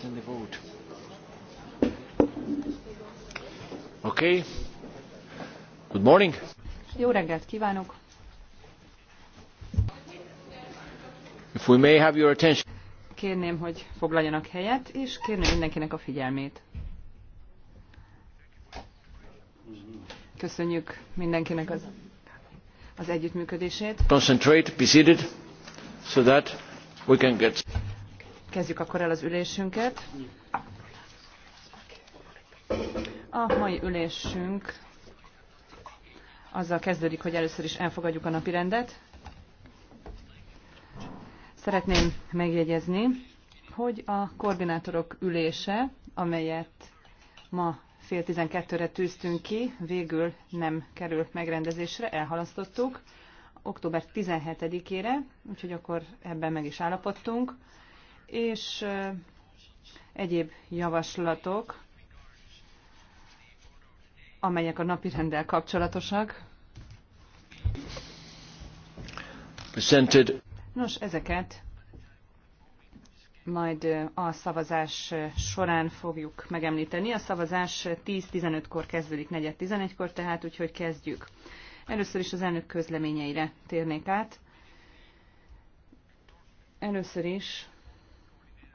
count in the vote. Okay. Good morning. Jó reggelt kívánok. If we may have your attention. Kérném, hogy foglaljanak helyet, és kérném mindenkinek a figyelmét. Köszönjük mindenkinek az, az együttműködését. Concentrate, be seated, so that we can get... Kezdjük akkor el az ülésünket. A mai ülésünk azzal kezdődik, hogy először is elfogadjuk a napirendet. Szeretném megjegyezni, hogy a koordinátorok ülése, amelyet ma fél tizenkettőre tűztünk ki, végül nem került megrendezésre, elhalasztottuk október 17-ére, úgyhogy akkor ebben meg is állapodtunk és egyéb javaslatok, amelyek a napi rendel kapcsolatosak. Nos, ezeket majd a szavazás során fogjuk megemlíteni. A szavazás 10-15-kor kezdődik, 4-11-kor, tehát úgyhogy kezdjük. Először is az elnök közleményeire térnék át. Először is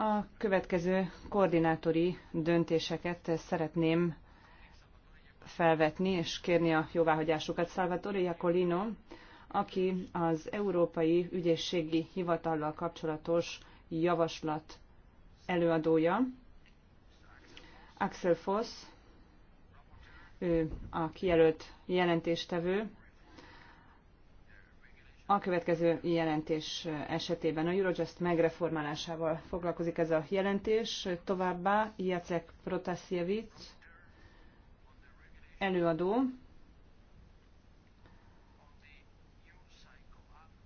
a következő koordinátori döntéseket szeretném felvetni és kérni a jóváhagyásukat. Salvatore Iacolino, aki az Európai Ügyészségi Hivatallal kapcsolatos javaslat előadója, Axel Foss, ő a kijelölt jelentéstevő, a következő jelentés esetében a Eurojust megreformálásával foglalkozik ez a jelentés. Továbbá Jacek Protasiewicz előadó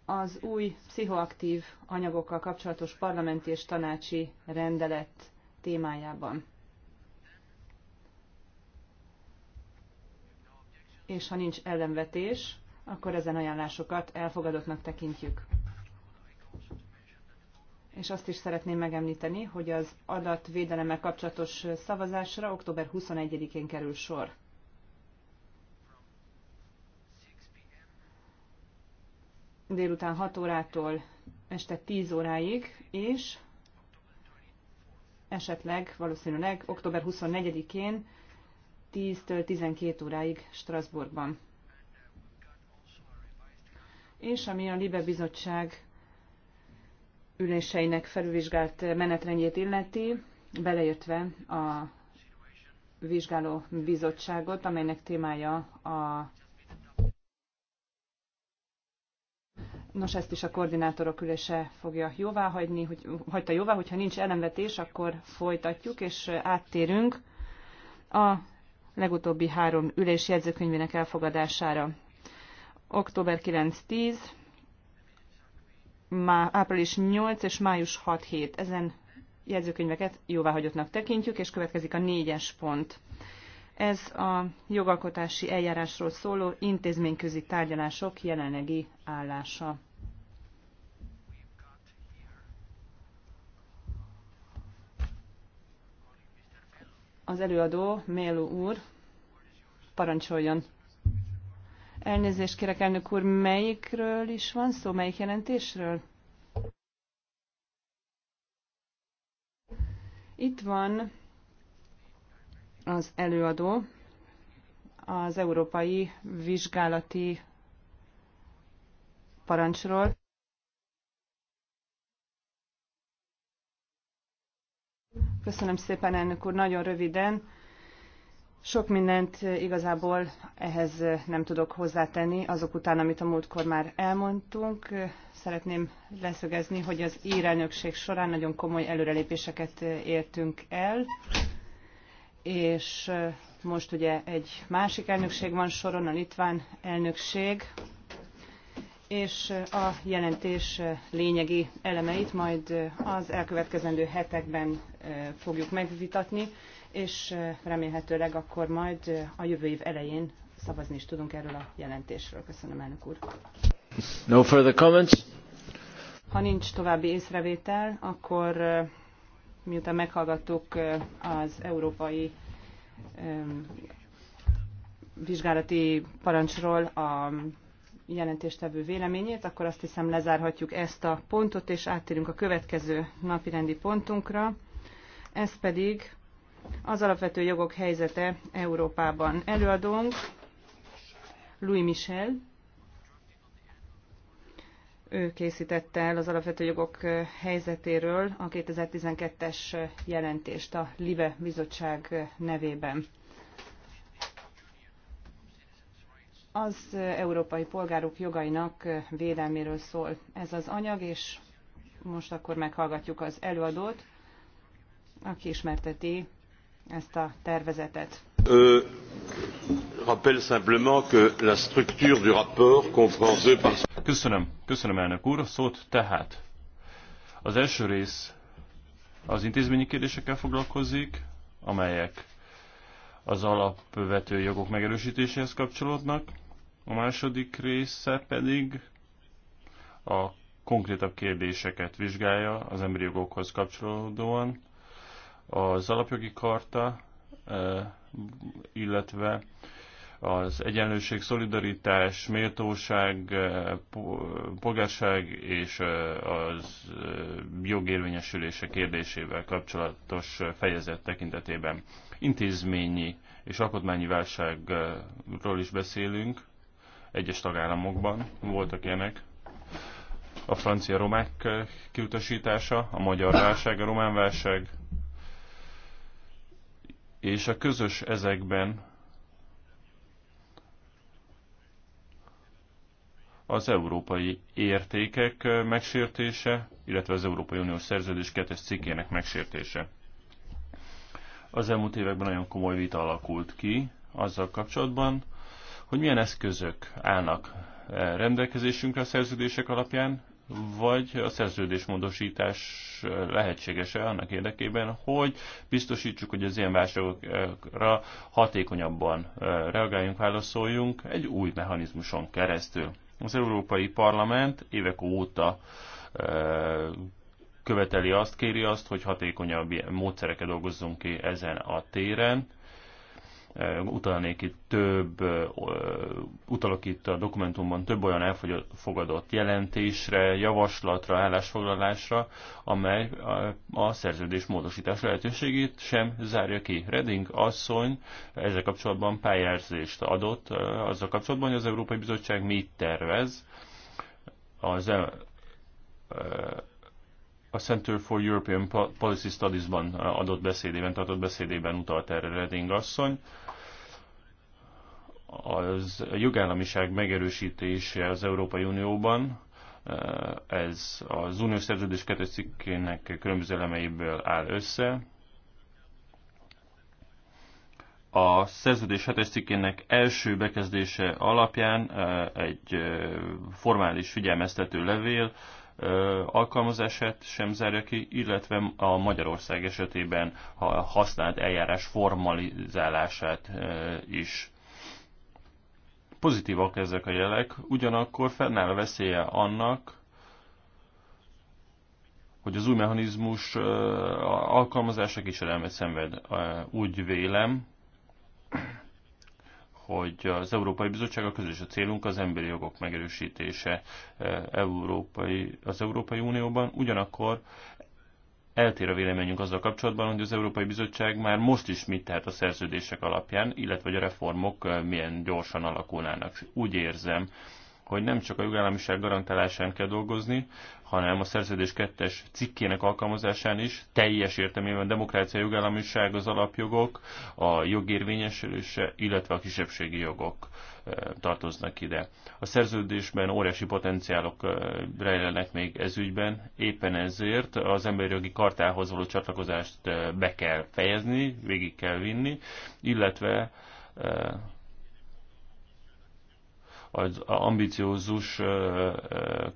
az új pszichoaktív anyagokkal kapcsolatos parlamenti és tanácsi rendelet témájában. És ha nincs ellenvetés, akkor ezen ajánlásokat elfogadottnak tekintjük. És azt is szeretném megemlíteni, hogy az adatvédelemmel kapcsolatos szavazásra október 21-én kerül sor. Délután 6 órától este 10 óráig, és esetleg, valószínűleg október 24-én 10-től 12 óráig Strasbourgban és ami a Libe Bizottság üléseinek felülvizsgált menetrendjét illeti, beleértve a vizsgáló bizottságot, amelynek témája a Nos, ezt is a koordinátorok ülése fogja jóvá hagyni, hogy, hagyta jóvá, hogyha nincs ellenvetés, akkor folytatjuk, és áttérünk a legutóbbi három ülés jegyzőkönyvének elfogadására október 9-10, má, április 8 és május 6-7. Ezen jegyzőkönyveket jóváhagyottnak tekintjük, és következik a négyes pont. Ez a jogalkotási eljárásról szóló intézményközi tárgyalások jelenlegi állása. Az előadó Mélu úr parancsoljon. Elnézést kérek, elnök úr, melyikről is van szó, melyik jelentésről? Itt van az előadó, az Európai Vizsgálati Parancsról. Köszönöm szépen, elnök úr, nagyon röviden. Sok mindent igazából ehhez nem tudok hozzátenni, azok után, amit a múltkor már elmondtunk. Szeretném leszögezni, hogy az írelnökség során nagyon komoly előrelépéseket értünk el, és most ugye egy másik elnökség van soron, a litván elnökség, és a jelentés lényegi elemeit majd az elkövetkezendő hetekben fogjuk megvitatni és remélhetőleg akkor majd a jövő év elején szavazni is tudunk erről a jelentésről. Köszönöm, elnök úr. No further comments? Ha nincs további észrevétel, akkor miután meghallgattuk az európai vizsgálati parancsról a jelentéstevő véleményét, akkor azt hiszem lezárhatjuk ezt a pontot, és áttérünk a következő napirendi pontunkra. Ez pedig az alapvető jogok helyzete Európában. Előadónk Louis Michel, ő készítette el az alapvető jogok helyzetéről a 2012-es jelentést a LIBE bizottság nevében. Az európai polgárok jogainak védelméről szól ez az anyag, és most akkor meghallgatjuk az előadót, aki ismerteti ezt a tervezetet. Ö, rappel simplement que la structure du rapport comprend deux Köszönöm, köszönöm elnök úr. A szót tehát az első rész az intézményi kérdésekkel foglalkozik, amelyek az alapvető jogok megerősítéséhez kapcsolódnak, a második része pedig a konkrétabb kérdéseket vizsgálja az emberi jogokhoz kapcsolódóan, az alapjogi karta, e, illetve az egyenlőség, szolidaritás, méltóság, e, polgárság és e, az jogérvényesülése kérdésével kapcsolatos fejezet tekintetében intézményi és alkotmányi válságról is beszélünk egyes tagállamokban, voltak ilyenek. A francia romák kiutasítása, a magyar válság, a román válság, és a közös ezekben az európai értékek megsértése, illetve az Európai Uniós Szerződés 2 cikkének megsértése. Az elmúlt években nagyon komoly vita alakult ki azzal kapcsolatban, hogy milyen eszközök állnak rendelkezésünkre a szerződések alapján, vagy a szerződésmódosítás lehetséges-e annak érdekében, hogy biztosítsuk, hogy az ilyen válságokra hatékonyabban reagáljunk, válaszoljunk egy új mechanizmuson keresztül. Az Európai Parlament évek óta követeli azt, kéri azt, hogy hatékonyabb módszereket dolgozzunk ki ezen a téren utalnék itt több, utalok itt a dokumentumban több olyan elfogadott jelentésre, javaslatra, állásfoglalásra, amely a szerződés módosítás lehetőségét sem zárja ki. Reding asszony ezzel kapcsolatban pályázést adott, azzal kapcsolatban, hogy az Európai Bizottság mit tervez az a Center for European Policy Studies-ban adott beszédében, tartott beszédében utalt erre Reding asszony az a jogállamiság megerősítése az Európai Unióban, ez az uniós szerződés kettes cikkének különböző elemeiből áll össze. A szerződés hetes cikkének első bekezdése alapján egy formális figyelmeztető levél alkalmazását sem zárja ki, illetve a Magyarország esetében használt eljárás formalizálását is pozitívak ezek a jelek, ugyanakkor fennáll a veszélye annak, hogy az új mechanizmus alkalmazása kísérelmet szenved. Úgy vélem, hogy az Európai Bizottság a közös a célunk az emberi jogok megerősítése Európai, az Európai Unióban, ugyanakkor eltér a véleményünk azzal kapcsolatban, hogy az Európai Bizottság már most is mit tehet a szerződések alapján, illetve hogy a reformok milyen gyorsan alakulnának. Úgy érzem, hogy nem csak a jogállamiság garantálásán kell dolgozni, hanem a szerződés kettes cikkének alkalmazásán is teljes értelmében demokrácia, jogállamiság, az alapjogok, a jogérvényesülése, illetve a kisebbségi jogok tartoznak ide. A szerződésben óriási potenciálok rejlenek még ezügyben, éppen ezért az emberi jogi kartához való csatlakozást be kell fejezni, végig kell vinni, illetve az ambiciózus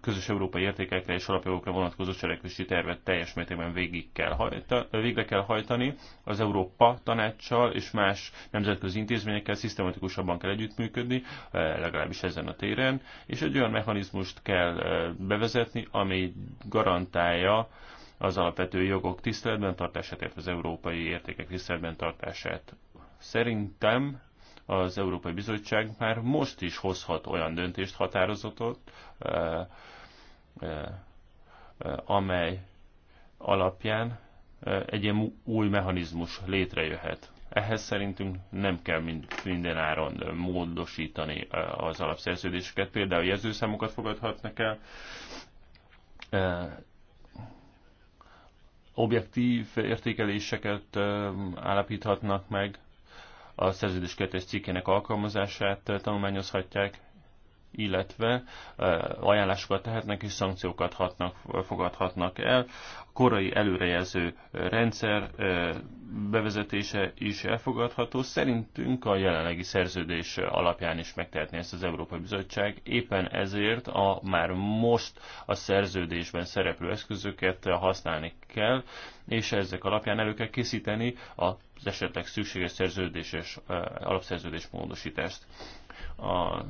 közös európai értékekre és alapjogokra vonatkozó cselekvési tervet teljes mértékben végig kell hajta, végre kell hajtani. Az Európa tanácssal és más nemzetközi intézményekkel szisztematikusabban kell együttműködni, legalábbis ezen a téren, és egy olyan mechanizmust kell bevezetni, ami garantálja az alapvető jogok tiszteletben tartását, illetve az európai értékek tiszteletben tartását. Szerintem az Európai Bizottság már most is hozhat olyan döntést határozatot, amely alapján egy ilyen új mechanizmus létrejöhet. Ehhez szerintünk nem kell minden áron módosítani az alapszerződéseket, például jelzőszámokat fogadhatnak el, objektív értékeléseket állapíthatnak meg, a szerződéskötés cikkének alkalmazását tanulmányozhatják, illetve ajánlásokat tehetnek és szankciókat hatnak, fogadhatnak el. A korai előrejelző rendszer bevezetése is elfogadható. Szerintünk a jelenlegi szerződés alapján is megtehetné ezt az Európai Bizottság. Éppen ezért a már most a szerződésben szereplő eszközöket használni kell, és ezek alapján elő kell készíteni az esetleg szükséges szerződéses alapszerződés módosítást. A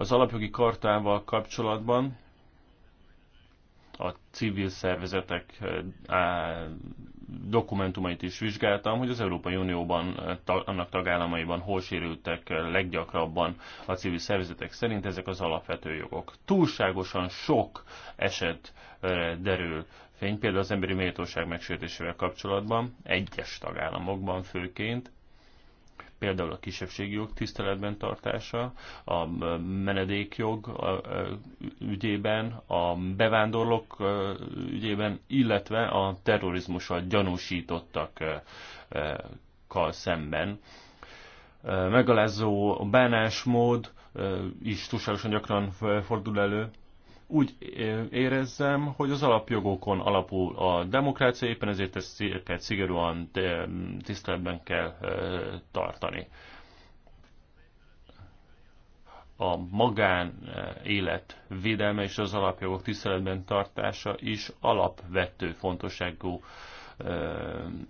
az alapjogi kartával kapcsolatban a civil szervezetek dokumentumait is vizsgáltam, hogy az Európai Unióban, annak tagállamaiban hol sérültek leggyakrabban a civil szervezetek szerint ezek az alapvető jogok. Túlságosan sok eset derül fény, például az emberi méltóság megsértésével kapcsolatban, egyes tagállamokban főként, például a kisebbségi jog tiszteletben tartása, a menedékjog ügyében, a bevándorlók ügyében, illetve a terrorizmussal gyanúsítottakkal szemben. Megalázó bánásmód is túlságosan gyakran fordul elő, úgy érezzem, hogy az alapjogokon alapul a demokrácia, éppen ezért ezt szigorúan mm, tiszteletben kell tartani. A magánélet védelme és az alapjogok tiszteletben tartása is alapvető fontosságú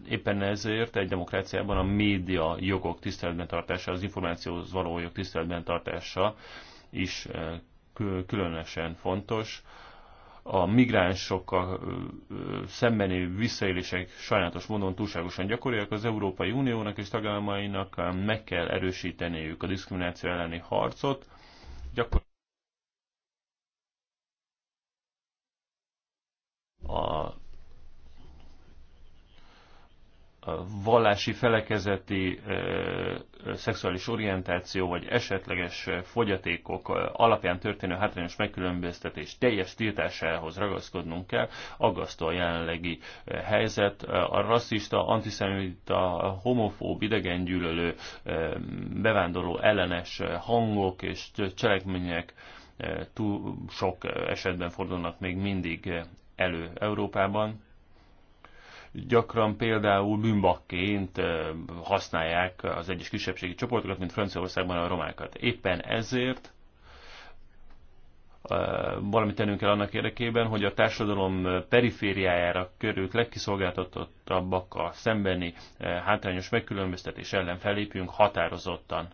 Éppen ezért egy demokráciában a média jogok tiszteletben tartása, az információhoz való jog tiszteletben tartása is különösen fontos. A migránsokkal szembeni visszaélések sajnálatos módon túlságosan gyakoriak. Az Európai Uniónak és tagállamainak meg kell erősíteniük a diszkrimináció elleni harcot. Gyakor- a vallási, felekezeti, szexuális orientáció vagy esetleges fogyatékok alapján történő hátrányos megkülönböztetés teljes tiltásához ragaszkodnunk kell, aggasztó a jelenlegi helyzet. A rasszista, antiszemita, homofób, idegengyűlölő, bevándorló ellenes hangok és cselekmények túl sok esetben fordulnak még mindig elő Európában gyakran például bűnbakként használják az egyes kisebbségi csoportokat, mint Franciaországban a romákat. Éppen ezért valamit tennünk kell annak érdekében, hogy a társadalom perifériájára körült legkiszolgáltatottabbakkal szembeni hátrányos megkülönböztetés ellen felépjünk határozottan.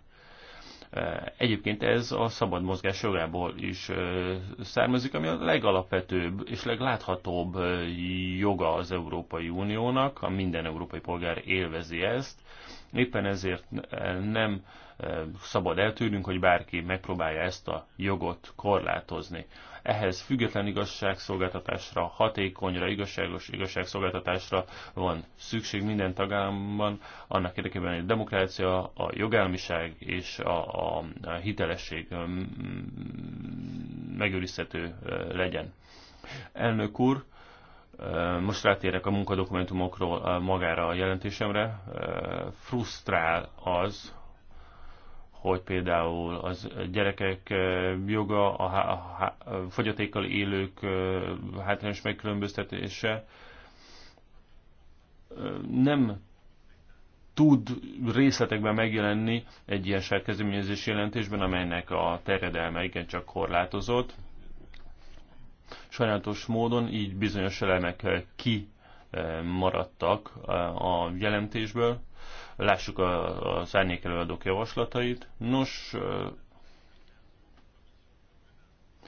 Egyébként ez a szabad mozgás jogából is származik, ami a legalapvetőbb és legláthatóbb joga az Európai Uniónak, a minden európai polgár élvezi ezt. Éppen ezért nem szabad eltűnünk, hogy bárki megpróbálja ezt a jogot korlátozni. Ehhez független igazságszolgáltatásra, hatékonyra, igazságos igazságszolgáltatásra van szükség minden tagállamban, annak érdekében, hogy a demokrácia, a jogállamiság és a, a hitelesség mm, mm, megőrizhető legyen. Elnök úr, most rátérek a munkadokumentumokról magára a jelentésemre. Frusztrál az, hogy például az gyerekek joga, a, fogyatékkal élők hátrányos megkülönböztetése nem tud részletekben megjelenni egy ilyen sárkezőményezés jelentésben, amelynek a terjedelme igencsak korlátozott. Sajnálatos módon így bizonyos elemek ki maradtak a jelentésből, Lássuk a, a szárnyékelőadók javaslatait. Nos,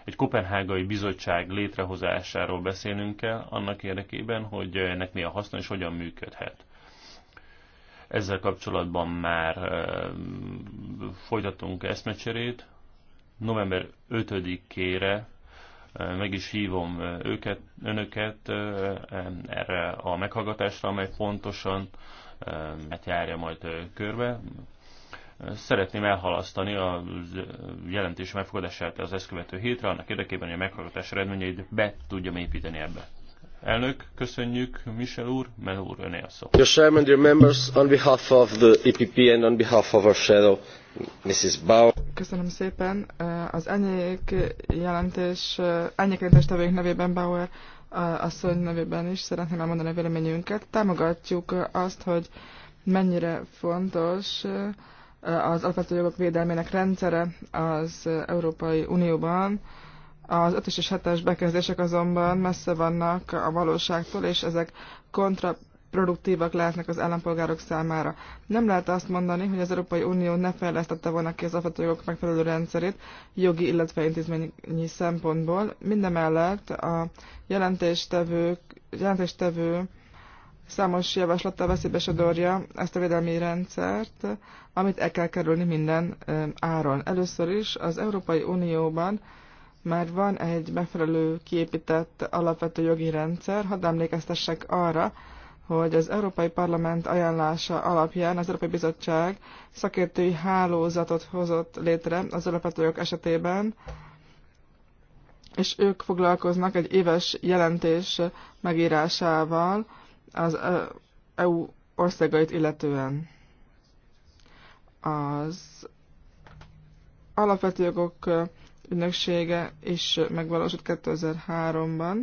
egy kopenhágai bizottság létrehozásáról beszélnünk kell, annak érdekében, hogy ennek mi a haszna és hogyan működhet. Ezzel kapcsolatban már folytatunk eszmecserét. November 5-ére meg is hívom őket, önöket erre a meghallgatásra, amely pontosan mert járja majd körbe. Szeretném elhalasztani a jelentés megfogadását az ezt követő hétre, annak érdekében, hogy a meghallgatás eredményeit be tudjam építeni ebbe. Elnök, köszönjük, Michel úr, Mel úr, öné a szó. Your chairman, dear members, on behalf of the EPP and on behalf of our shadow, Mrs. Bauer. Köszönöm szépen. Az enyék jelentés, enyék jelentéstevőink nevében Bauer asszony nevében is szeretném elmondani a véleményünket. Támogatjuk azt, hogy mennyire fontos eh, az alapvető jogok védelmének rendszere az Európai Unióban. Az 5 és 7-es bekezdések azonban messze vannak a valóságtól, és ezek kontra produktívak lehetnek az állampolgárok számára. Nem lehet azt mondani, hogy az Európai Unió ne fejlesztette volna ki az alapvetőjogok megfelelő rendszerét jogi, illetve intézményi szempontból. Mindemellett a jelentéstevő, jelentéstevő számos javaslattal veszélybe sodorja ezt a védelmi rendszert, amit el kell kerülni minden áron. Először is az Európai Unióban már van egy megfelelő kiépített alapvető jogi rendszer, hadd emlékeztessek arra, hogy az Európai Parlament ajánlása alapján az Európai Bizottság szakértői hálózatot hozott létre az alapvetőjog esetében, és ők foglalkoznak egy éves jelentés megírásával az EU országait illetően. Az alapvető jogok ügynöksége is megvalósult 2003-ban,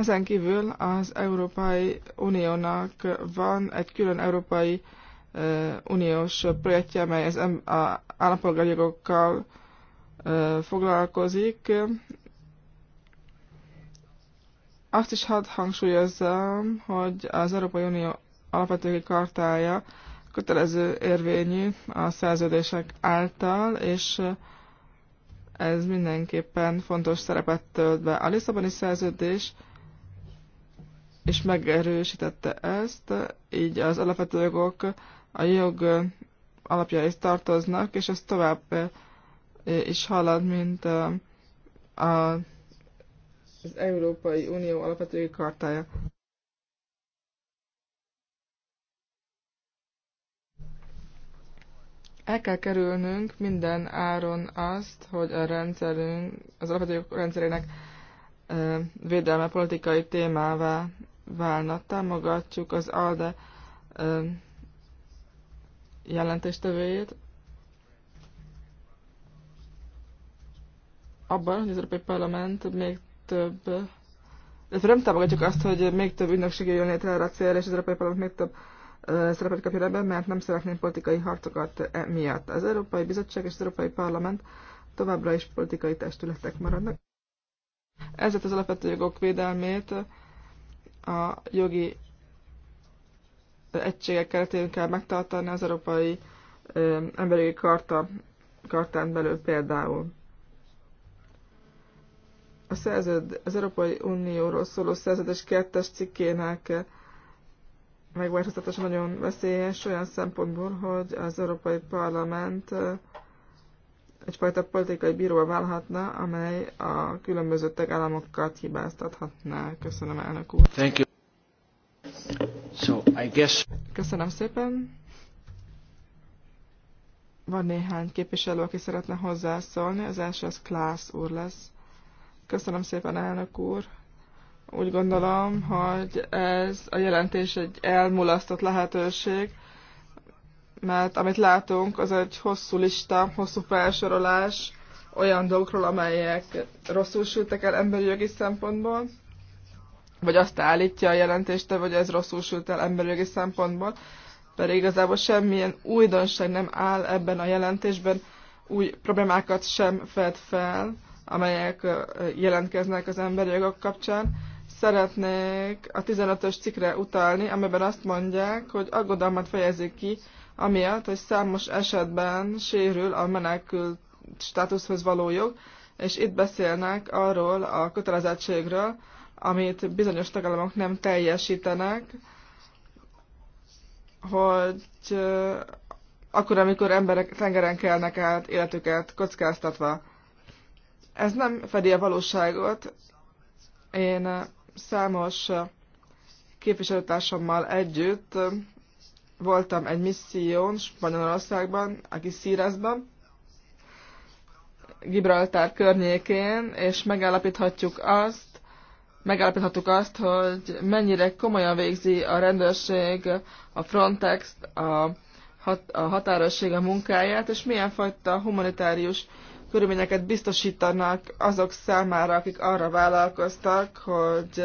Ezen kívül az Európai Uniónak van egy külön Európai Uniós projektje, amely az állampolgári jogokkal foglalkozik. Azt is hadd hangsúlyozzam, hogy az Európai Unió alapvetői kartája kötelező érvényű a szerződések által, és ez mindenképpen fontos szerepet tölt be. A Lisszaboni szerződés és megerősítette ezt, így az alapvető jogok a jog alapjához tartoznak, és ez tovább eh, is halad, mint eh, az Európai Unió alapvető jogi kartája. El kell kerülnünk minden áron azt, hogy a rendszerünk, az alapvető jogok rendszerének eh, védelme politikai témává válna. Támogatjuk az ALDE jelentéstevőjét abban, hogy az Európai Parlament még több ez nem támogatjuk azt, hogy még több ügynökség jön létre erre a célra, és az Európai Parlament még több szerepet kapjon ebben, mert nem szeretnénk politikai harcokat e miatt. Az Európai Bizottság és az Európai Parlament továbbra is politikai testületek maradnak. Ezért az alapvető jogok védelmét a jogi egységek keretében kell megtartani az Európai Emberi Karta, Kartán belül például. A szerződ, az Európai Unióról szóló szerződés kettes cikkének megváltoztatása nagyon veszélyes olyan szempontból, hogy az Európai Parlament egyfajta politikai bíró válhatna, amely a különböző tagállamokat hibáztathatná. Köszönöm, elnök úr. Thank you. So, I guess... Köszönöm szépen. Van néhány képviselő, aki szeretne hozzászólni. Az első az Klász úr lesz. Köszönöm szépen, elnök úr. Úgy gondolom, hogy ez a jelentés egy elmulasztott lehetőség mert amit látunk, az egy hosszú lista, hosszú felsorolás olyan dolgokról, amelyek rosszul sültek el emberi jogi szempontból, vagy azt állítja a jelentéste, hogy ez rosszul sült el emberi jogi szempontból, pedig igazából semmilyen újdonság nem áll ebben a jelentésben, új problémákat sem fed fel, amelyek jelentkeznek az emberi jogok kapcsán. Szeretnék a 15-ös cikre utalni, amiben azt mondják, hogy aggodalmat fejezik ki amiatt, hogy számos esetben sérül a menekült státuszhoz való jog, és itt beszélnek arról a kötelezettségről, amit bizonyos tagállamok nem teljesítenek, hogy akkor, amikor emberek tengeren kelnek át életüket kockáztatva. Ez nem fedi a valóságot. Én számos képviselőtársammal együtt voltam egy misszión Spanyolországban, Agisírezben, Gibraltár környékén, és megállapíthatjuk azt, megállapíthatjuk azt, hogy mennyire komolyan végzi a rendőrség, a Frontex, a, hat, a határőrség a munkáját, és milyen fajta humanitárius körülményeket biztosítanak azok számára, akik arra vállalkoztak, hogy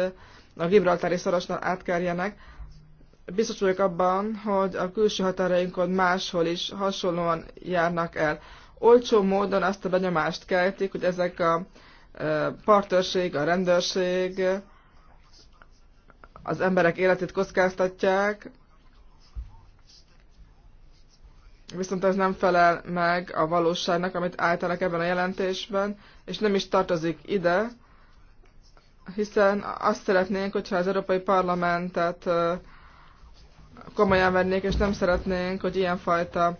a Gibraltári szorosnál átkerjenek biztos vagyok abban, hogy a külső határainkon máshol is hasonlóan járnak el. Olcsó módon azt a benyomást keltik, hogy ezek a partőrség, a rendőrség az emberek életét kockáztatják, viszont ez nem felel meg a valóságnak, amit állítanak ebben a jelentésben, és nem is tartozik ide, hiszen azt szeretnénk, hogyha az Európai Parlamentet komolyan vennék, és nem szeretnénk, hogy ilyenfajta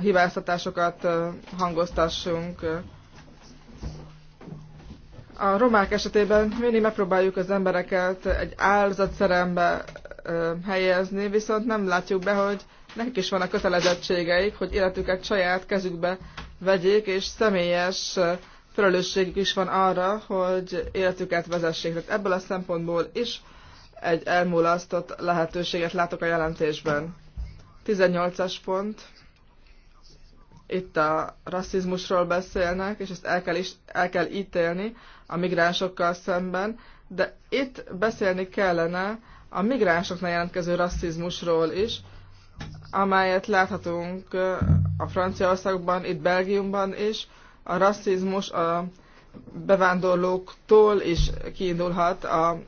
hibáztatásokat hangoztassunk. A romák esetében mindig megpróbáljuk az embereket egy áldozatszerembe helyezni, viszont nem látjuk be, hogy nekik is vannak kötelezettségeik, hogy életüket saját kezükbe vegyék, és személyes felelősségük is van arra, hogy életüket vezessék. Tehát ebből a szempontból is egy elmulasztott lehetőséget látok a jelentésben. 18-as pont. Itt a rasszizmusról beszélnek, és ezt el kell, is, el kell ítélni a migránsokkal szemben, de itt beszélni kellene a migránsoknál jelentkező rasszizmusról is, amelyet láthatunk a Franciaországban, itt Belgiumban is. A rasszizmus a bevándorlóktól is kiindulhat a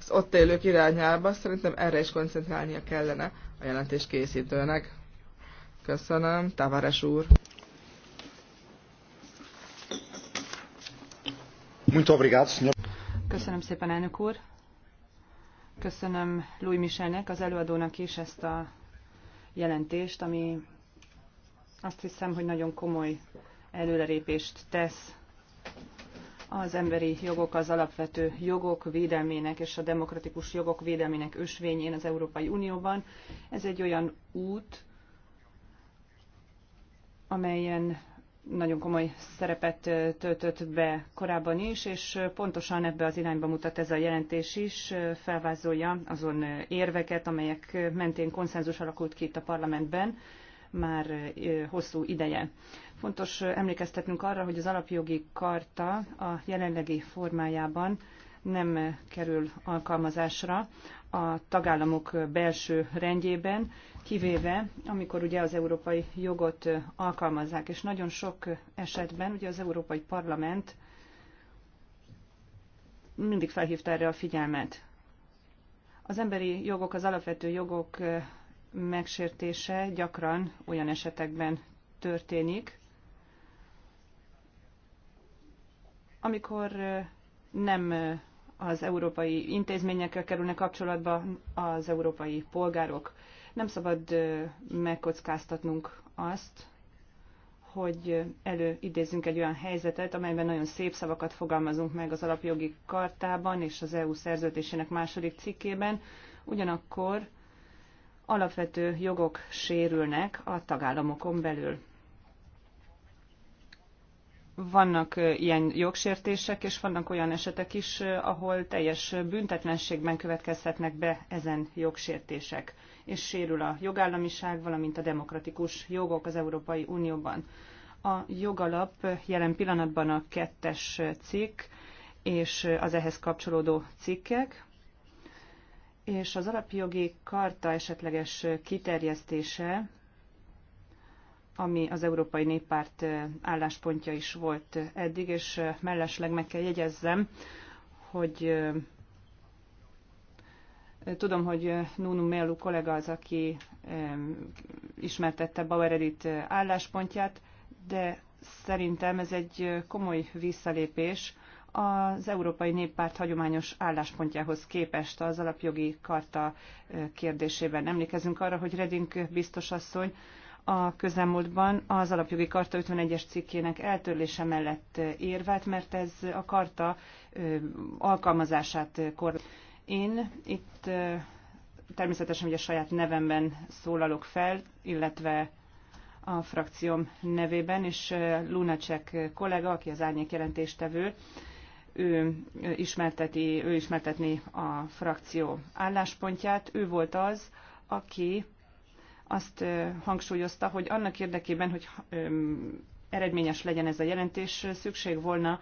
az ott élők irányába. Szerintem erre is koncentrálnia kellene a jelentés készítőnek. Köszönöm, Tavares úr. Köszönöm szépen, elnök úr. Köszönöm Louis Michelnek, az előadónak is ezt a jelentést, ami azt hiszem, hogy nagyon komoly előrelépést tesz az emberi jogok, az alapvető jogok védelmének és a demokratikus jogok védelmének ösvényén az Európai Unióban. Ez egy olyan út, amelyen nagyon komoly szerepet töltött be korábban is, és pontosan ebbe az irányba mutat ez a jelentés is, felvázolja azon érveket, amelyek mentén konszenzus alakult ki itt a parlamentben már hosszú ideje. Fontos emlékeztetnünk arra, hogy az alapjogi karta a jelenlegi formájában nem kerül alkalmazásra a tagállamok belső rendjében, kivéve amikor ugye az európai jogot alkalmazzák, és nagyon sok esetben ugye az Európai Parlament mindig felhívta erre a figyelmet. Az emberi jogok, az alapvető jogok megsértése gyakran olyan esetekben történik, amikor nem az európai intézményekkel kerülnek kapcsolatba az európai polgárok. Nem szabad megkockáztatnunk azt, hogy előidézzünk egy olyan helyzetet, amelyben nagyon szép szavakat fogalmazunk meg az alapjogi kartában és az EU szerződésének második cikkében, ugyanakkor alapvető jogok sérülnek a tagállamokon belül. Vannak ilyen jogsértések, és vannak olyan esetek is, ahol teljes büntetlenségben következhetnek be ezen jogsértések, és sérül a jogállamiság, valamint a demokratikus jogok az Európai Unióban. A jogalap jelen pillanatban a kettes cikk, és az ehhez kapcsolódó cikkek, és az alapjogi karta esetleges kiterjesztése ami az Európai Néppárt álláspontja is volt eddig, és mellesleg meg kell jegyezzem, hogy Tudom, hogy Nunu Mellu kollega az, aki ismertette Bauer Edith álláspontját, de szerintem ez egy komoly visszalépés az Európai Néppárt hagyományos álláspontjához képest az alapjogi karta kérdésében. Emlékezünk arra, hogy Redink biztosasszony a közelmúltban az alapjogi karta 51-es cikkének eltörlése mellett érvelt, mert ez a karta alkalmazását kor. Én itt természetesen ugye saját nevemben szólalok fel, illetve a frakcióm nevében, és Lunacek kollega, aki az árnyék jelentéstevő, ő, ismerteti, ő ismertetni a frakció álláspontját. Ő volt az, aki azt hangsúlyozta, hogy annak érdekében, hogy eredményes legyen ez a jelentés, szükség volna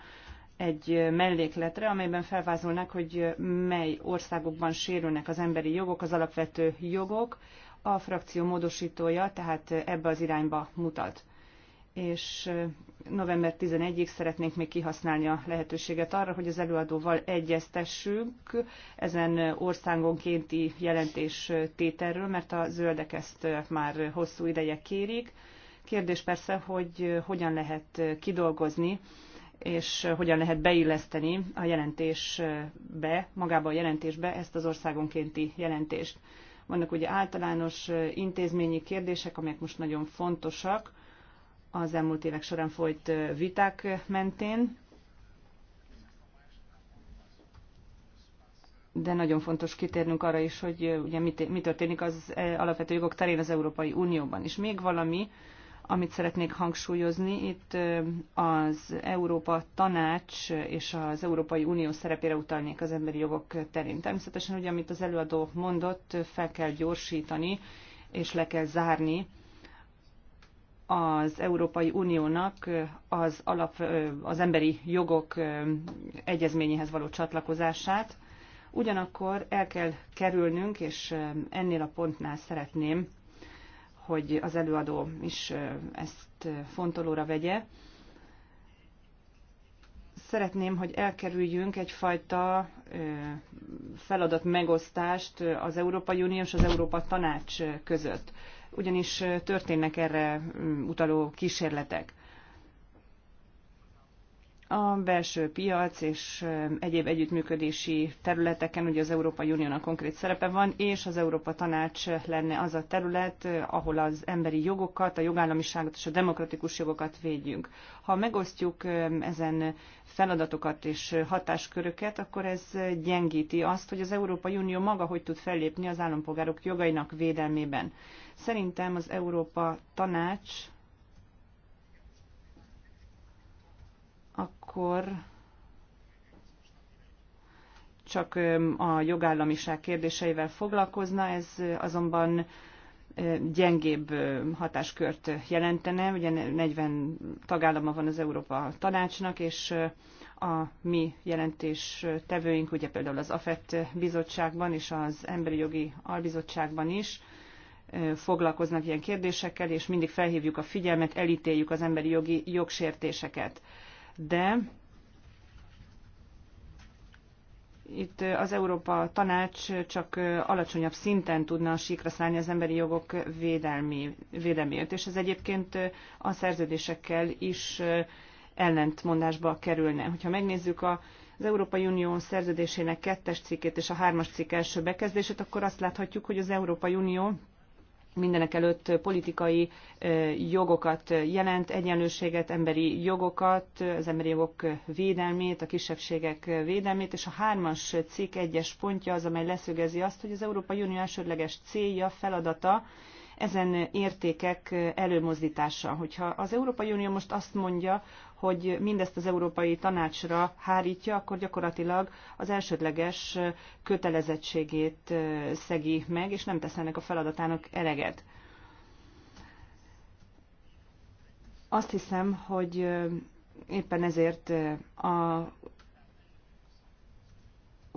egy mellékletre, amelyben felvázolnák, hogy mely országokban sérülnek az emberi jogok, az alapvető jogok. A frakció módosítója tehát ebbe az irányba mutat és november 11-ig szeretnénk még kihasználni a lehetőséget arra, hogy az előadóval egyeztessünk ezen országonkénti jelentés tételről, mert a zöldek ezt már hosszú ideje kérik. Kérdés persze, hogy hogyan lehet kidolgozni, és hogyan lehet beilleszteni a jelentésbe, magába a jelentésbe ezt az országonkénti jelentést. Vannak ugye általános intézményi kérdések, amelyek most nagyon fontosak, az elmúlt évek során folyt viták mentén, de nagyon fontos kitérnünk arra is, hogy ugye mi történik az alapvető jogok terén az Európai Unióban. És még valami, amit szeretnék hangsúlyozni, itt az Európa Tanács és az Európai Unió szerepére utalnék az emberi jogok terén. Természetesen, ugye, amit az előadó mondott, fel kell gyorsítani és le kell zárni az Európai Uniónak az, alap, az emberi jogok egyezményéhez való csatlakozását. Ugyanakkor el kell kerülnünk, és ennél a pontnál szeretném, hogy az előadó is ezt fontolóra vegye. Szeretném, hogy elkerüljünk egyfajta feladat megosztást az Európai Unió és az Európa Tanács között ugyanis történnek erre mm, utaló kísérletek a belső piac és egyéb együttműködési területeken ugye az Európai Uniónak konkrét szerepe van, és az Európa Tanács lenne az a terület, ahol az emberi jogokat, a jogállamiságot és a demokratikus jogokat védjünk. Ha megosztjuk ezen feladatokat és hatásköröket, akkor ez gyengíti azt, hogy az Európai Unió maga hogy tud fellépni az állampolgárok jogainak védelmében. Szerintem az Európa Tanács akkor csak a jogállamiság kérdéseivel foglalkozna, ez azonban gyengébb hatáskört jelentene. Ugye 40 tagállama van az Európa Tanácsnak, és a mi jelentés tevőink, ugye például az AFET bizottságban és az Emberi Jogi Albizottságban is foglalkoznak ilyen kérdésekkel, és mindig felhívjuk a figyelmet, elítéljük az emberi jogi jogsértéseket de itt az Európa Tanács csak alacsonyabb szinten tudna síkra szállni az emberi jogok védelmi, védelmiért, és ez egyébként a szerződésekkel is ellentmondásba kerülne. Hogyha megnézzük a az Európai Unió szerződésének kettes cikkét és a hármas cikk első bekezdését, akkor azt láthatjuk, hogy az Európai Unió mindenek előtt politikai jogokat jelent, egyenlőséget, emberi jogokat, az emberi jogok védelmét, a kisebbségek védelmét, és a hármas cikk egyes pontja az, amely leszögezi azt, hogy az Európai Unió elsődleges célja, feladata, ezen értékek előmozdítása. Hogyha az Európai Unió most azt mondja, hogy mindezt az Európai Tanácsra hárítja, akkor gyakorlatilag az elsődleges kötelezettségét szegi meg, és nem tesz ennek a feladatának eleget. Azt hiszem, hogy éppen ezért a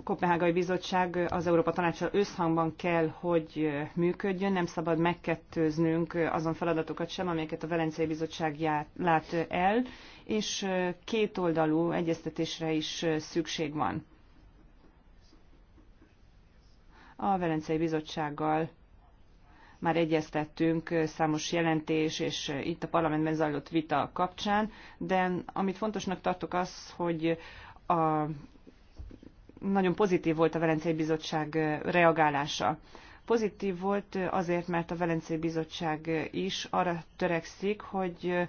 a Kopenhágai Bizottság az Európa Tanácssal összhangban kell, hogy működjön, nem szabad megkettőznünk azon feladatokat sem, amelyeket a Velencei Bizottság ját, lát el, és kétoldalú egyeztetésre is szükség van. A Velencei Bizottsággal már egyeztettünk számos jelentés és itt a parlamentben zajlott vita kapcsán, de amit fontosnak tartok az, hogy a nagyon pozitív volt a Velencei Bizottság reagálása. Pozitív volt azért, mert a Velencei Bizottság is arra törekszik, hogy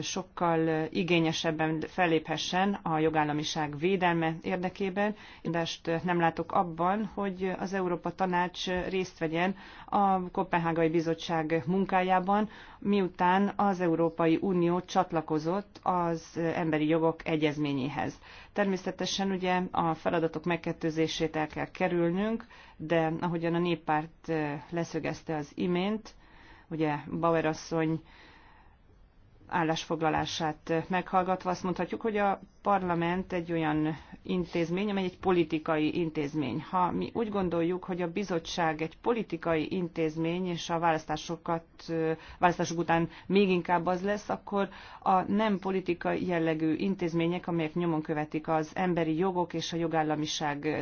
sokkal igényesebben felléphessen a jogállamiság védelme érdekében. Édest nem látok abban, hogy az Európa Tanács részt vegyen a Kopenhágai Bizottság munkájában, miután az Európai Unió csatlakozott az emberi jogok egyezményéhez. Természetesen ugye a feladatok megkettőzését el kell kerülnünk, de ahogyan a néppárt leszögezte az imént, ugye Bauer asszony állásfoglalását meghallgatva azt mondhatjuk, hogy a parlament egy olyan intézmény, amely egy politikai intézmény. Ha mi úgy gondoljuk, hogy a bizottság egy politikai intézmény, és a választásokat, választások után még inkább az lesz, akkor a nem politikai jellegű intézmények, amelyek nyomon követik az emberi jogok és a jogállamiság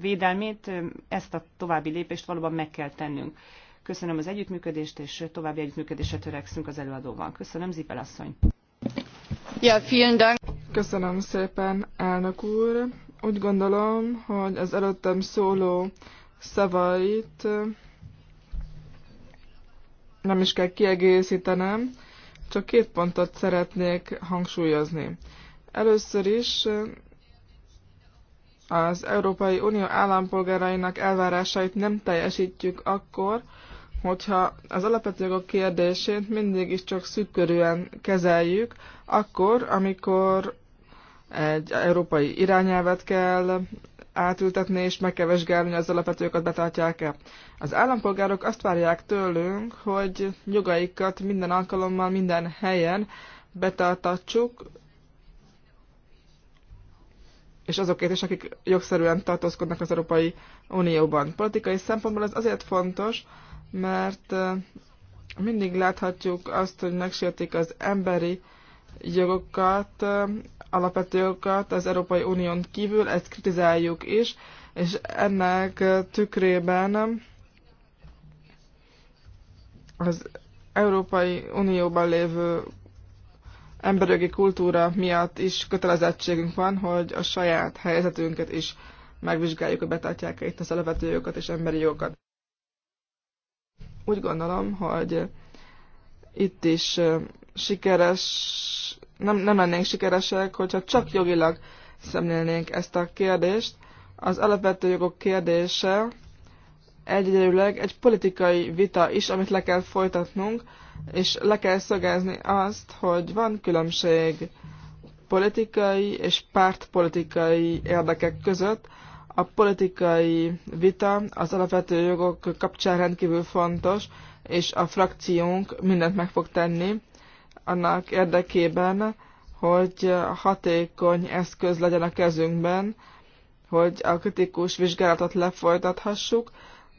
védelmét, ezt a további lépést valóban meg kell tennünk Köszönöm az együttműködést, és további együttműködésre törekszünk az előadóval. Köszönöm, Zipel asszony. Ja, vielen Dank. Köszönöm szépen, elnök úr. Úgy gondolom, hogy az előttem szóló szavait nem is kell kiegészítenem, csak két pontot szeretnék hangsúlyozni. Először is az Európai Unió állampolgárainak elvárásait nem teljesítjük akkor, hogyha az alapvető jogok kérdését mindig is csak szükkörűen kezeljük, akkor, amikor egy európai irányelvet kell átültetni, és meg kell vizsgálni, hogy az jogokat betartják-e. Az állampolgárok azt várják tőlünk, hogy jogaikat minden alkalommal, minden helyen betartatsuk, és azokért is, akik jogszerűen tartózkodnak az Európai Unióban. Politikai szempontból ez azért fontos, mert mindig láthatjuk azt, hogy megsértik az emberi jogokat, alapvető jogokat az Európai Unión kívül, ezt kritizáljuk is, és ennek tükrében az Európai Unióban lévő emberjogi kultúra miatt is kötelezettségünk van, hogy a saját helyzetünket is megvizsgáljuk, hogy betartják itt az alapvető jogokat és emberi jogokat. Úgy gondolom, hogy itt is sikeres, nem, nem lennénk sikeresek, hogyha csak jogilag szemlélnénk ezt a kérdést. Az alapvető jogok kérdése egyidejűleg egy politikai vita is, amit le kell folytatnunk, és le kell szögezni azt, hogy van különbség politikai és pártpolitikai érdekek között, a politikai vita az alapvető jogok kapcsán rendkívül fontos, és a frakciónk mindent meg fog tenni annak érdekében, hogy hatékony eszköz legyen a kezünkben, hogy a kritikus vizsgálatot lefolytathassuk,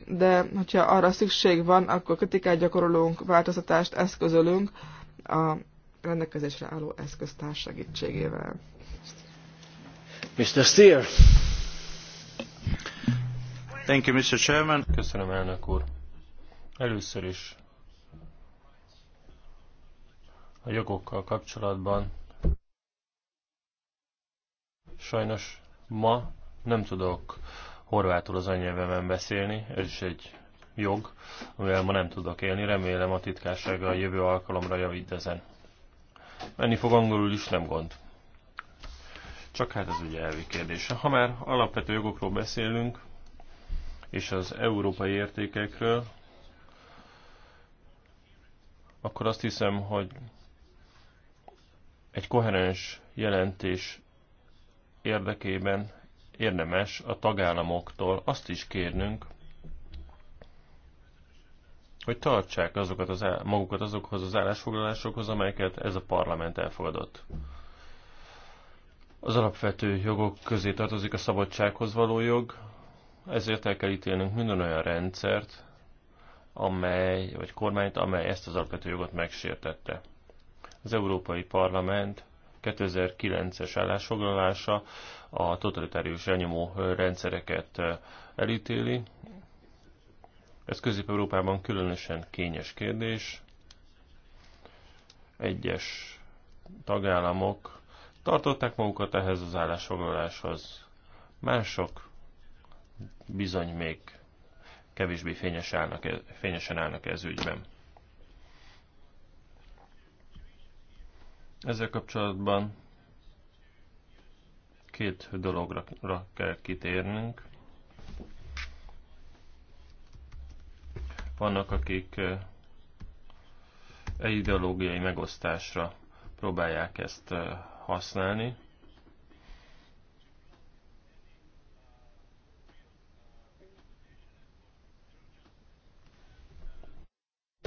de hogyha arra szükség van, akkor kritikát gyakorolunk, változtatást eszközölünk a rendelkezésre álló eszköztár segítségével. Mr. Steer. Thank you, Mr. Chairman. Köszönöm, elnök úr. Először is a jogokkal kapcsolatban sajnos ma nem tudok horvátul az anyjelvemen beszélni, ez is egy jog, amivel ma nem tudok élni, remélem a titkársága a jövő alkalomra javít ezen. Menni fog angolul is, nem gond. Csak hát ez ugye elvi kérdése. Ha már alapvető jogokról beszélünk, és az európai értékekről, akkor azt hiszem, hogy egy koherens jelentés érdekében érdemes a tagállamoktól azt is kérnünk, hogy tartsák azokat az, magukat azokhoz az állásfoglalásokhoz, amelyeket ez a parlament elfogadott. Az alapvető jogok közé tartozik a szabadsághoz való jog, ezért el kell ítélnünk minden olyan rendszert, amely, vagy kormányt, amely ezt az alapvető jogot megsértette. Az Európai Parlament 2009-es állásfoglalása a totalitárius elnyomó rendszereket eh, elítéli. Ez Közép-Európában különösen kényes kérdés. Egyes tagállamok tartották magukat ehhez az állásfoglaláshoz. Mások bizony még kevésbé fényes állnak, e- fényesen állnak ez ügyben. Ezzel kapcsolatban két dologra kell kitérnünk. Vannak, akik egy e ideológiai megosztásra próbálják ezt e, használni.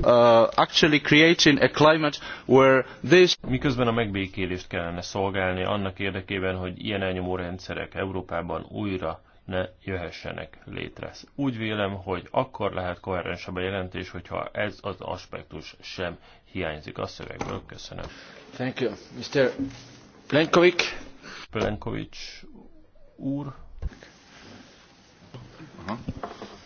Uh, actually creating a climate where this Miközben a megbékélést kellene szolgálni annak érdekében, hogy ilyen elnyomó rendszerek Európában újra ne jöhessenek létre. Úgy vélem, hogy akkor lehet koherensebb a jelentés, hogyha ez az aspektus sem hiányzik a szövegből. Köszönöm. Thank you. Mr. Plenkovic. Plenkovic úr.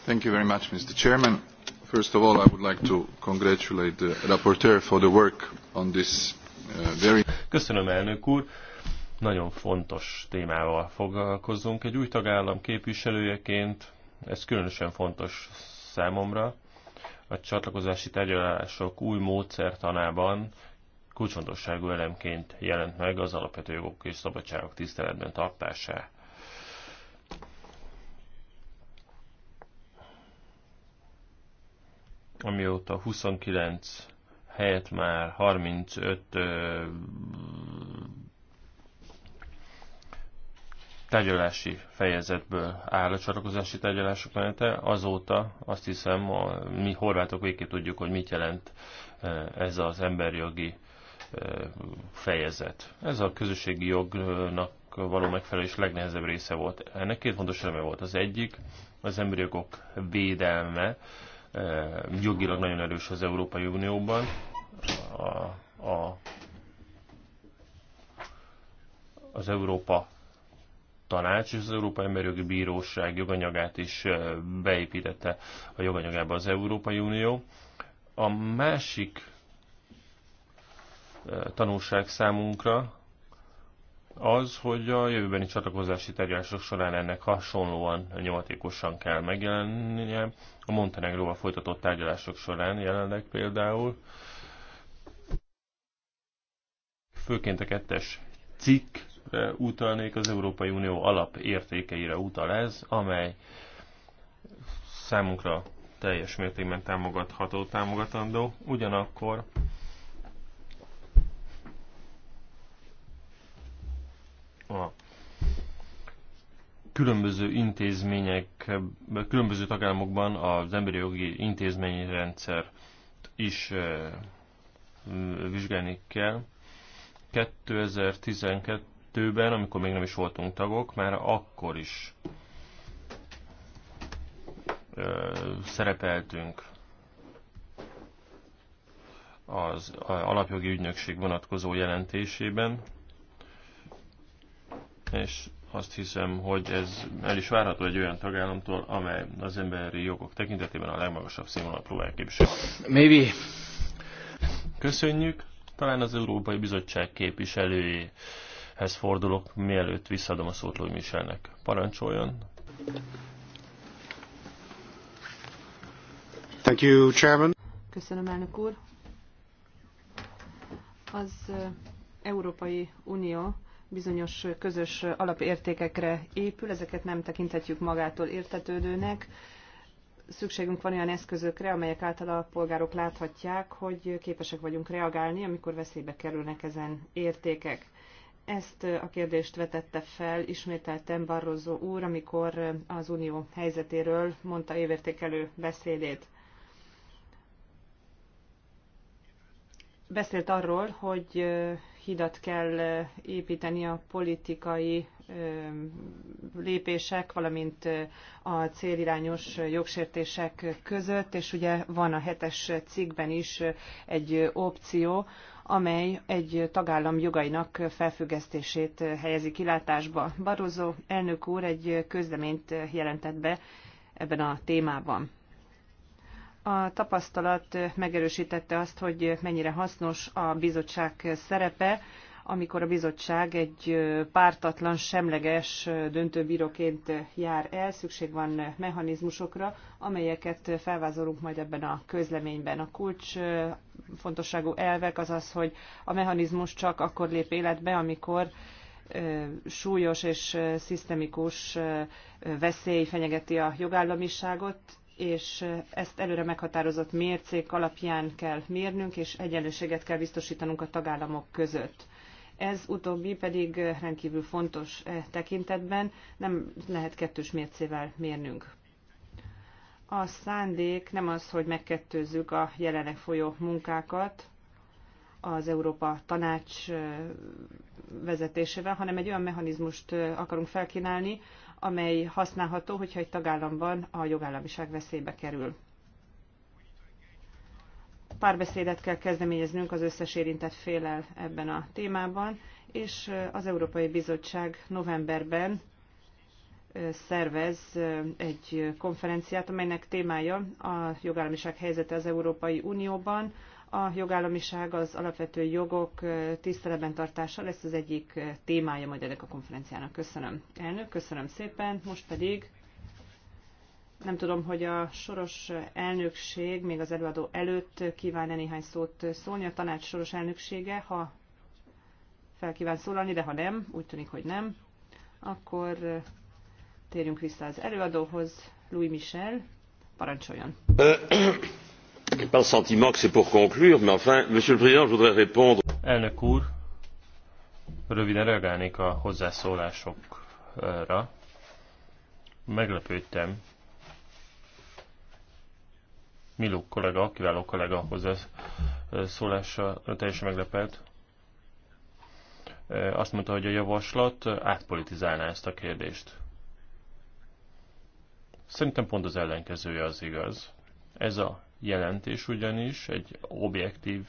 Thank you very much, Mr. Chairman. First of all, I would like to congratulate the rapporteur for the work on this uh, very... Köszönöm, elnök úr. Nagyon fontos témával foglalkozunk. Egy új tagállam képviselőjeként ez különösen fontos számomra. A csatlakozási tárgyalások új módszertanában kulcsfontosságú elemként jelent meg az alapvető jogok és szabadságok tiszteletben tartásá. Amióta 29 helyett már 35 tárgyalási fejezetből áll a csatlakozási tárgyalások menete. Azóta azt hiszem, a, mi horvátok végig tudjuk, hogy mit jelent ez az emberjogi fejezet. Ez a közösségi jognak való megfelelés legnehezebb része volt. Ennek két fontos eleme volt. Az egyik az emberi jogok védelme, e, jogilag nagyon erős az Európai Unióban. A, a, az Európa Tanács és az Európai Emberi Jogi Bíróság joganyagát is e, beépítette a joganyagába az Európai Unió. A másik tanulság számunkra az, hogy a jövőbeni csatlakozási tárgyalások során ennek hasonlóan nyomatékosan kell megjelennie. A Montenegróval folytatott tárgyalások során jelenleg például főként a kettes cikk utalnék, az Európai Unió alapértékeire utal ez, amely számunkra teljes mértékben támogatható, támogatandó. Ugyanakkor a különböző intézmények, különböző tagállamokban az emberi jogi intézményrendszer is vizsgálni kell. 2012-ben, amikor még nem is voltunk tagok, már akkor is szerepeltünk az alapjogi ügynökség vonatkozó jelentésében, és azt hiszem, hogy ez el is várható egy olyan tagállamtól, amely az emberi jogok tekintetében a legmagasabb színvonal próbál képviselni. Maybe. Köszönjük. Talán az Európai Bizottság képviselőjéhez fordulok, mielőtt visszadom a szót Louis Michelnek. Parancsoljon. Thank you, Chairman. Köszönöm, elnök úr. Az Európai Unió bizonyos közös alapértékekre épül, ezeket nem tekinthetjük magától értetődőnek. Szükségünk van olyan eszközökre, amelyek által a polgárok láthatják, hogy képesek vagyunk reagálni, amikor veszélybe kerülnek ezen értékek. Ezt a kérdést vetette fel ismételten Barroso úr, amikor az unió helyzetéről mondta évértékelő beszédét. Beszélt arról, hogy hidat kell építeni a politikai lépések, valamint a célirányos jogsértések között, és ugye van a hetes cikkben is egy opció, amely egy tagállam jogainak felfüggesztését helyezi kilátásba. Barozó elnök úr egy közleményt jelentett be ebben a témában. A tapasztalat megerősítette azt, hogy mennyire hasznos a bizottság szerepe, amikor a bizottság egy pártatlan, semleges döntőbíróként jár el, szükség van mechanizmusokra, amelyeket felvázolunk majd ebben a közleményben. A kulcs fontosságú elvek az az, hogy a mechanizmus csak akkor lép életbe, amikor súlyos és szisztemikus veszély fenyegeti a jogállamiságot, és ezt előre meghatározott mércék alapján kell mérnünk, és egyenlőséget kell biztosítanunk a tagállamok között. Ez utóbbi pedig rendkívül fontos e tekintetben, nem lehet kettős mércével mérnünk. A szándék nem az, hogy megkettőzzük a jelenleg folyó munkákat az Európa Tanács vezetésével, hanem egy olyan mechanizmust akarunk felkínálni, amely használható, hogyha egy tagállamban a jogállamiság veszélybe kerül. Párbeszédet kell kezdeményeznünk az összes érintett félel ebben a témában, és az Európai Bizottság novemberben szervez egy konferenciát, amelynek témája a jogállamiság helyzete az Európai Unióban, a jogállamiság az alapvető jogok tiszteletben tartása lesz az egyik témája majd ennek a konferenciának. Köszönöm. Elnök, köszönöm szépen. Most pedig nem tudom, hogy a soros elnökség még az előadó előtt kíván-e néhány szót szólni. A tanács soros elnöksége, ha fel kíván szólalni, de ha nem, úgy tűnik, hogy nem, akkor térjünk vissza az előadóhoz. Louis Michel, parancsoljon. pas le sentiment que c'est pour conclure, mais enfin, Monsieur le Président, je voudrais répondre. Elnök úr, röviden reagálnék a hozzászólásokra. Meglepődtem. Miló kollega, kiváló kollega hozzászólása teljesen meglepett. Azt mondta, hogy a javaslat átpolitizálná ezt a kérdést. Szerintem pont az ellenkezője az igaz. Ez a jelentés ugyanis egy objektív,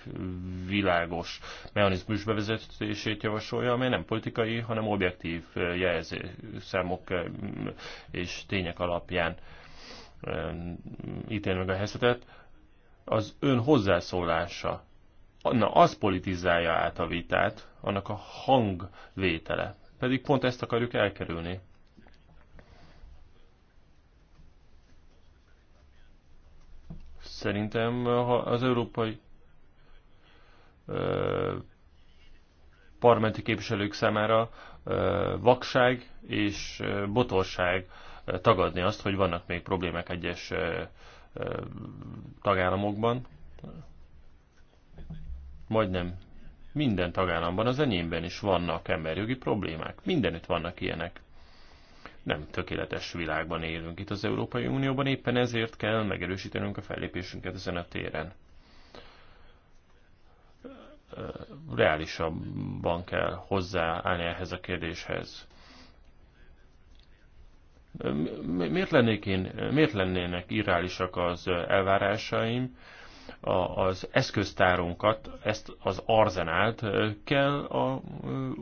világos mechanizmus bevezetését javasolja, amely nem politikai, hanem objektív jelzőszámok és tények alapján ítél meg a helyzetet. Az ön hozzászólása, na az politizálja át a vitát, annak a hangvétele. Pedig pont ezt akarjuk elkerülni. Szerintem az európai parlamenti képviselők számára vakság és botorság tagadni azt, hogy vannak még problémák egyes tagállamokban. Majdnem minden tagállamban, az enyémben is vannak emberjogi problémák. Mindenütt vannak ilyenek nem tökéletes világban élünk itt az Európai Unióban, éppen ezért kell megerősítenünk a fellépésünket ezen a téren. Reálisabban kell hozzáállni ehhez a kérdéshez. Miért, lennék én, miért lennének irreálisak az elvárásaim? az eszköztárunkat, ezt az arzenált kell a,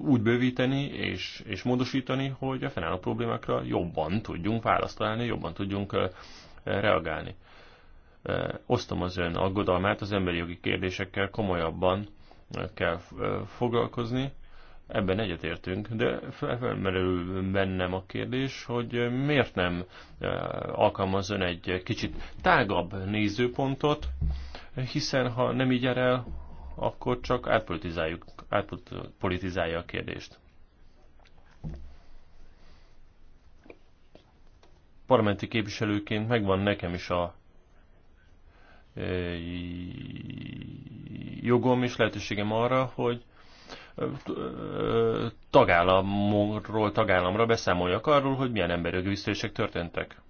úgy bővíteni és, és módosítani, hogy a fennálló problémákra jobban tudjunk választ jobban tudjunk reagálni. Osztom az ön aggodalmát, az emberi jogi kérdésekkel komolyabban kell foglalkozni, ebben egyetértünk, de felmerül bennem a kérdés, hogy miért nem alkalmazzon egy kicsit tágabb nézőpontot, hiszen ha nem így jár el, akkor csak átpolitizáljuk, átpolitizálja a kérdést. Parlamenti képviselőként megvan nekem is a e, jogom és lehetőségem arra, hogy e, tagállamról tagállamra beszámoljak arról, hogy milyen emberjogi visszaélések történtek.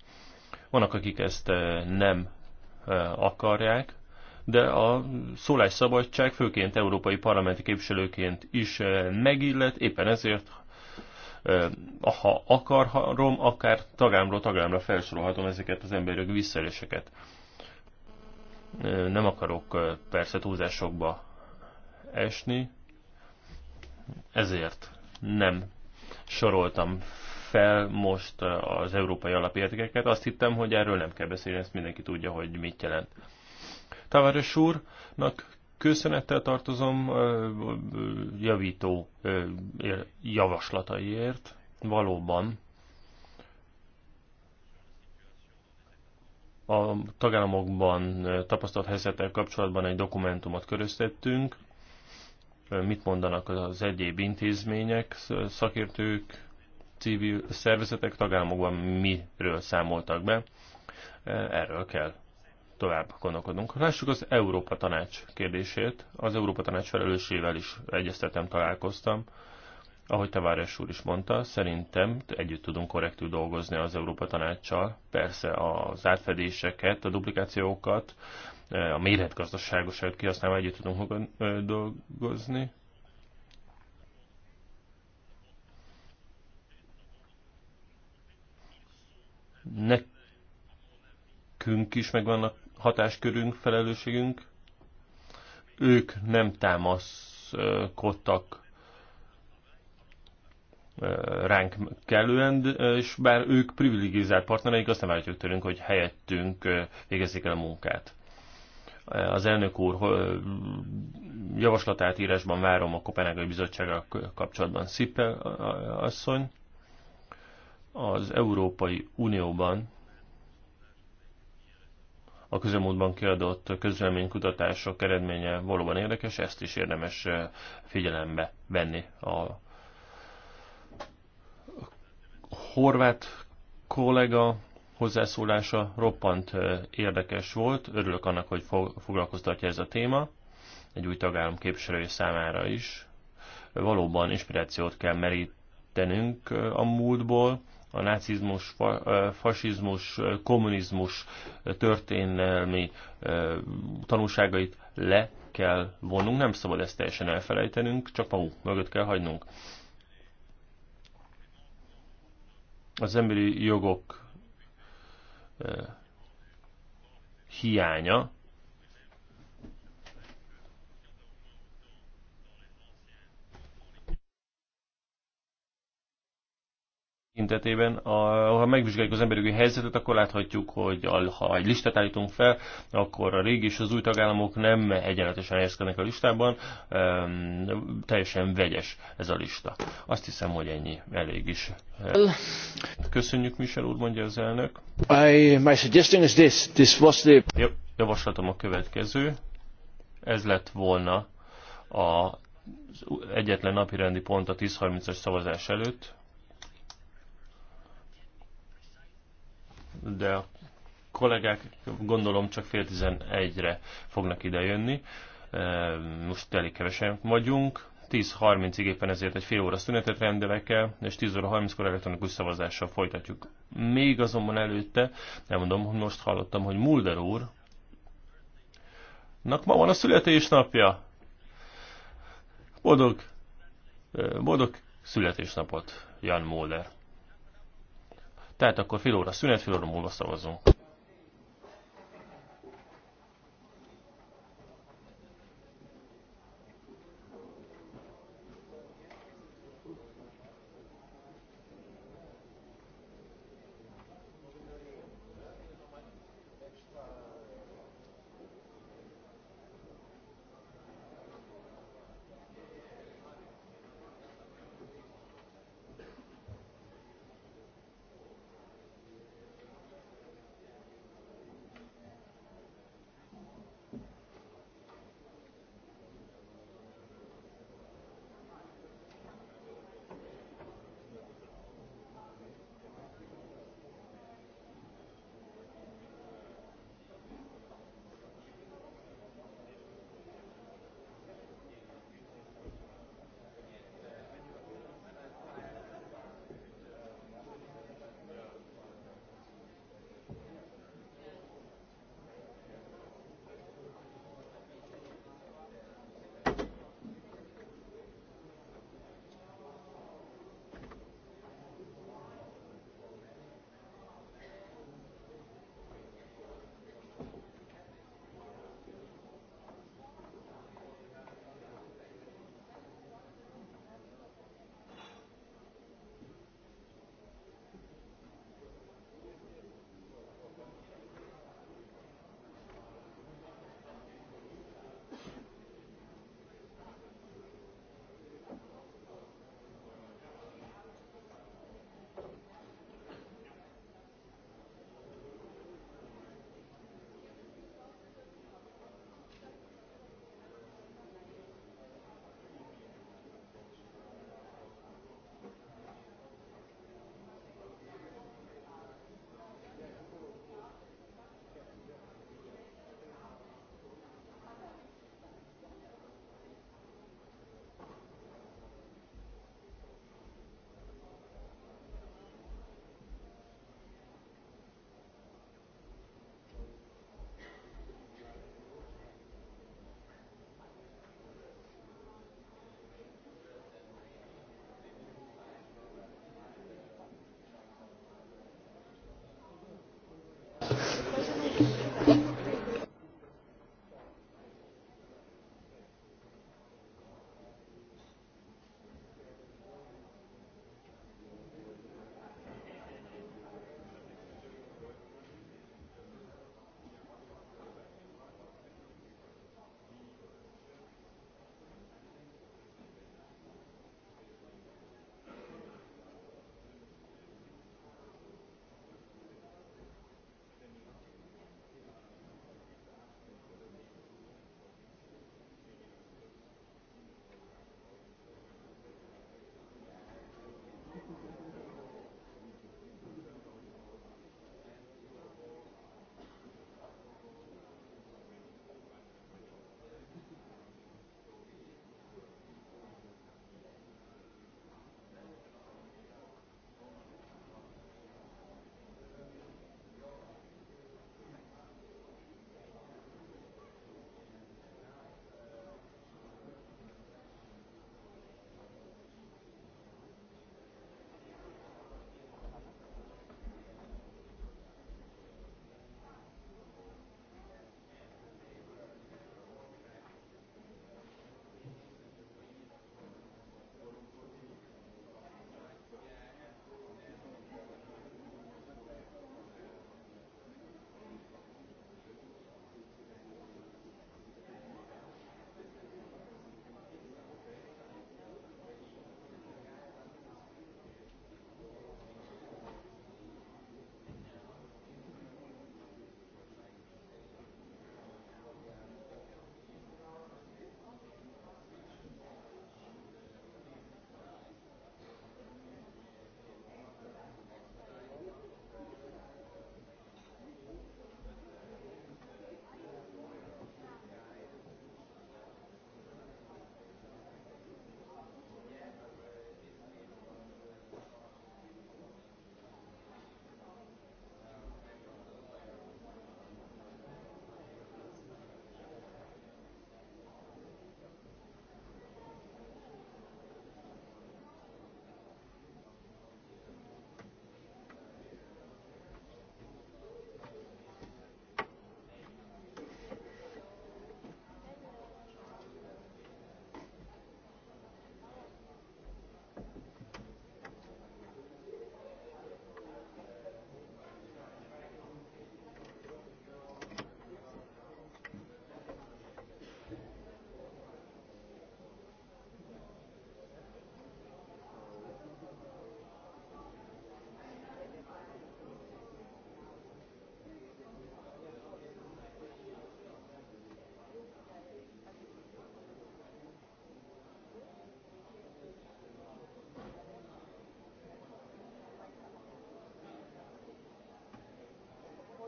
Vannak, akik ezt e, nem akarják, de a szólásszabadság főként európai parlamenti képviselőként is eh, megillet, éppen ezért eh, ha akarom, akár tagámról tagámra felsorolhatom ezeket az emberi visszaeléseket. Eh, nem akarok persze túlzásokba esni, ezért nem soroltam fel most az európai alapértékeket. Azt hittem, hogy erről nem kell beszélni, ezt mindenki tudja, hogy mit jelent. Tavares úrnak köszönettel tartozom javító javaslataiért. Valóban a tagállamokban tapasztalt helyzettel kapcsolatban egy dokumentumot köröztettünk. Mit mondanak az egyéb intézmények, szakértők, civil szervezetek tagállamokban miről számoltak be. Erről kell tovább gondolkodunk. Lássuk az Európa Tanács kérdését. Az Európa Tanács felelősével is egyeztetem, találkoztam. Ahogy Tavares úr is mondta, szerintem együtt tudunk korrektül dolgozni az Európa Tanácssal. Persze az átfedéseket, a duplikációkat, a méretgazdaságosságot kihasználva együtt tudunk dolgozni. Nekünk is megvannak hatáskörünk, felelősségünk. Ők nem támaszkodtak ránk kellően, és bár ők privilegizált partnereik, azt nem állítjuk tőlünk, hogy helyettünk végezzék el a munkát. Az elnök úr javaslatát írásban várom a Kopenhágai Bizottsággal kapcsolatban. Szippe asszony, az Európai Unióban a közelmúltban kiadott közleménykutatások eredménye valóban érdekes, ezt is érdemes eh, figyelembe venni. A horvát kollega hozzászólása roppant eh, érdekes volt, örülök annak, hogy foglalkoztatja ez a téma, egy új tagállam képviselői számára is. Valóban inspirációt kell merítenünk eh, a múltból, a nácizmus, fasizmus, kommunizmus történelmi tanulságait le kell vonnunk, nem szabad ezt teljesen elfelejtenünk, csak magunk mögött kell hagynunk. Az emberi jogok hiánya tekintetében. A, ha megvizsgáljuk az emberi helyzetet, akkor láthatjuk, hogy a, ha egy listát állítunk fel, akkor a régi és az új tagállamok nem egyenletesen helyezkednek a listában, um, teljesen vegyes ez a lista. Azt hiszem, hogy ennyi elég is. Köszönjük, Michel úr, mondja az elnök. I, my suggestion is this. This was the... Javaslatom a következő. Ez lett volna a egyetlen napirendi pont a 10.30-as szavazás előtt. de a kollégák gondolom csak fél tizenegyre fognak idejönni. Most elég kevesen vagyunk. 10.30-ig éppen ezért egy fél óra szünetet rendelek el, és 10 óra 30-kor elektronikus szavazással folytatjuk. Még azonban előtte, nem mondom, hogy most hallottam, hogy Mulder úr, Nak ma van a születésnapja. Boldog, boldog születésnapot, Jan Mulder. Tehát akkor fél óra szünet, fél óra múlva szavazunk.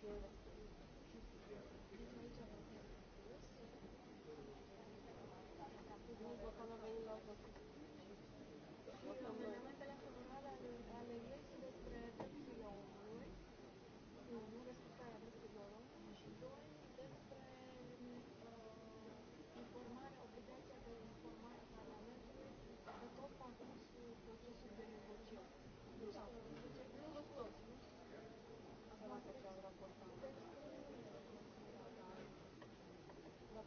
Thank you.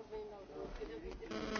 have been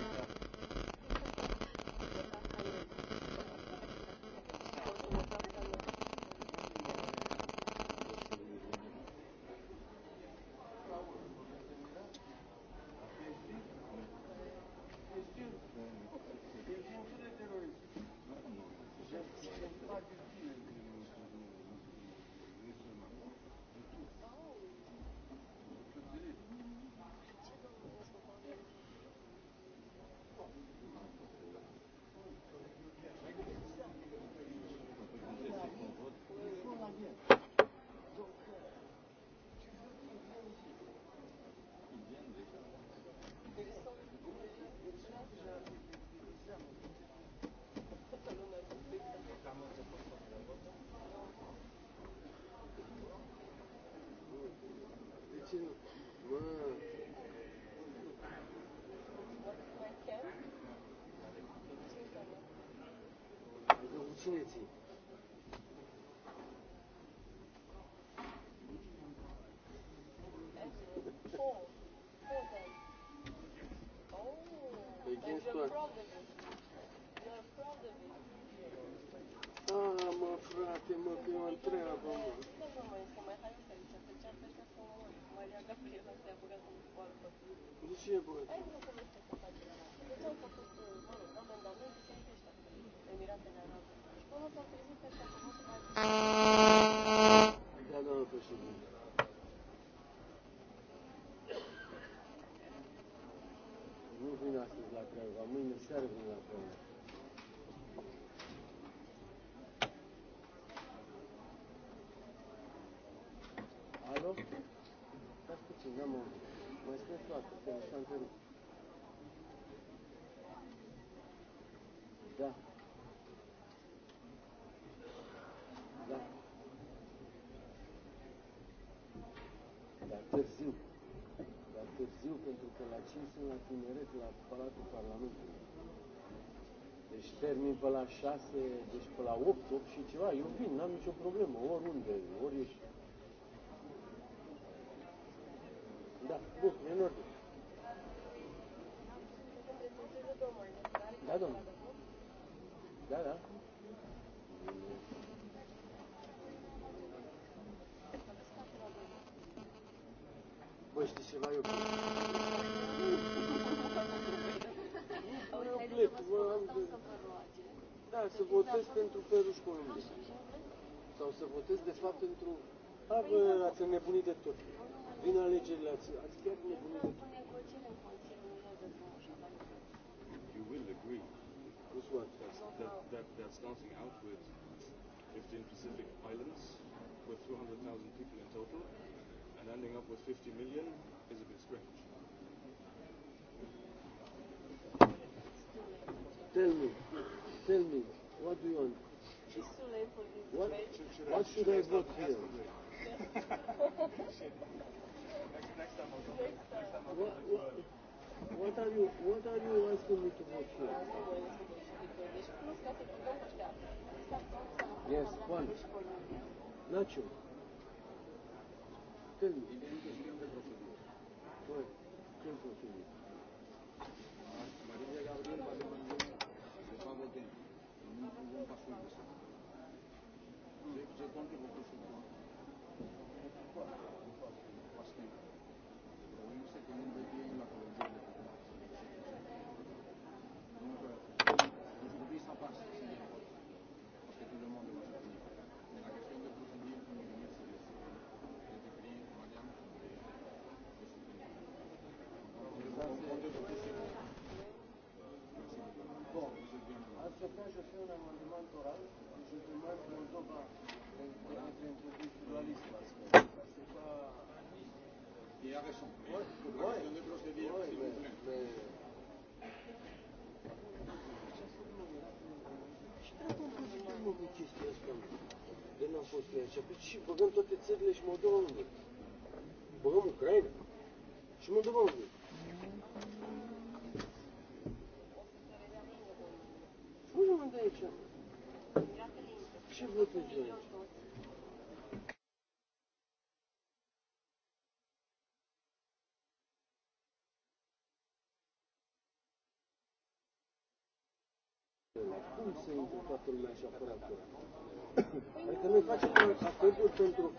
opportunity vina sunt la Craiova, mâine seară vin la Craiova. tineret la Palatul Parlamentului. Deci termin pe la 6, deci pe la 8, 8 și ceva. Eu vin, n-am nicio problemă, oriunde, ori ești. Da, bun, e în ordine. să votez pentru Perus Columbia. Sau să votez, de fapt, pentru... A, bă, ați înnebunit de tot. Vin alegerile, ați, ați chiar înnebunit de tot. You will agree. With what? That's, that, that, that starting out with 15 Pacific Islands, with 200,000 people in total, and ending up with 50 million is a bit strange. Tell me, tell me. What do you want? It's too late for this what, debate. Should, should what should I vote here? next, What, are you What are you asking me to vote here? Yes, one. Nacho. Tell me. What? Tell me. compte beaucoup sur să duci și băgăm toate țările și Moldova în vârf. Băgăm Ucraina și Moldova în vârf. Spune mă de aici. Ce vă aici? Cum se uită toată lumea așa fără acolo? Adică noi facem acorduri pentru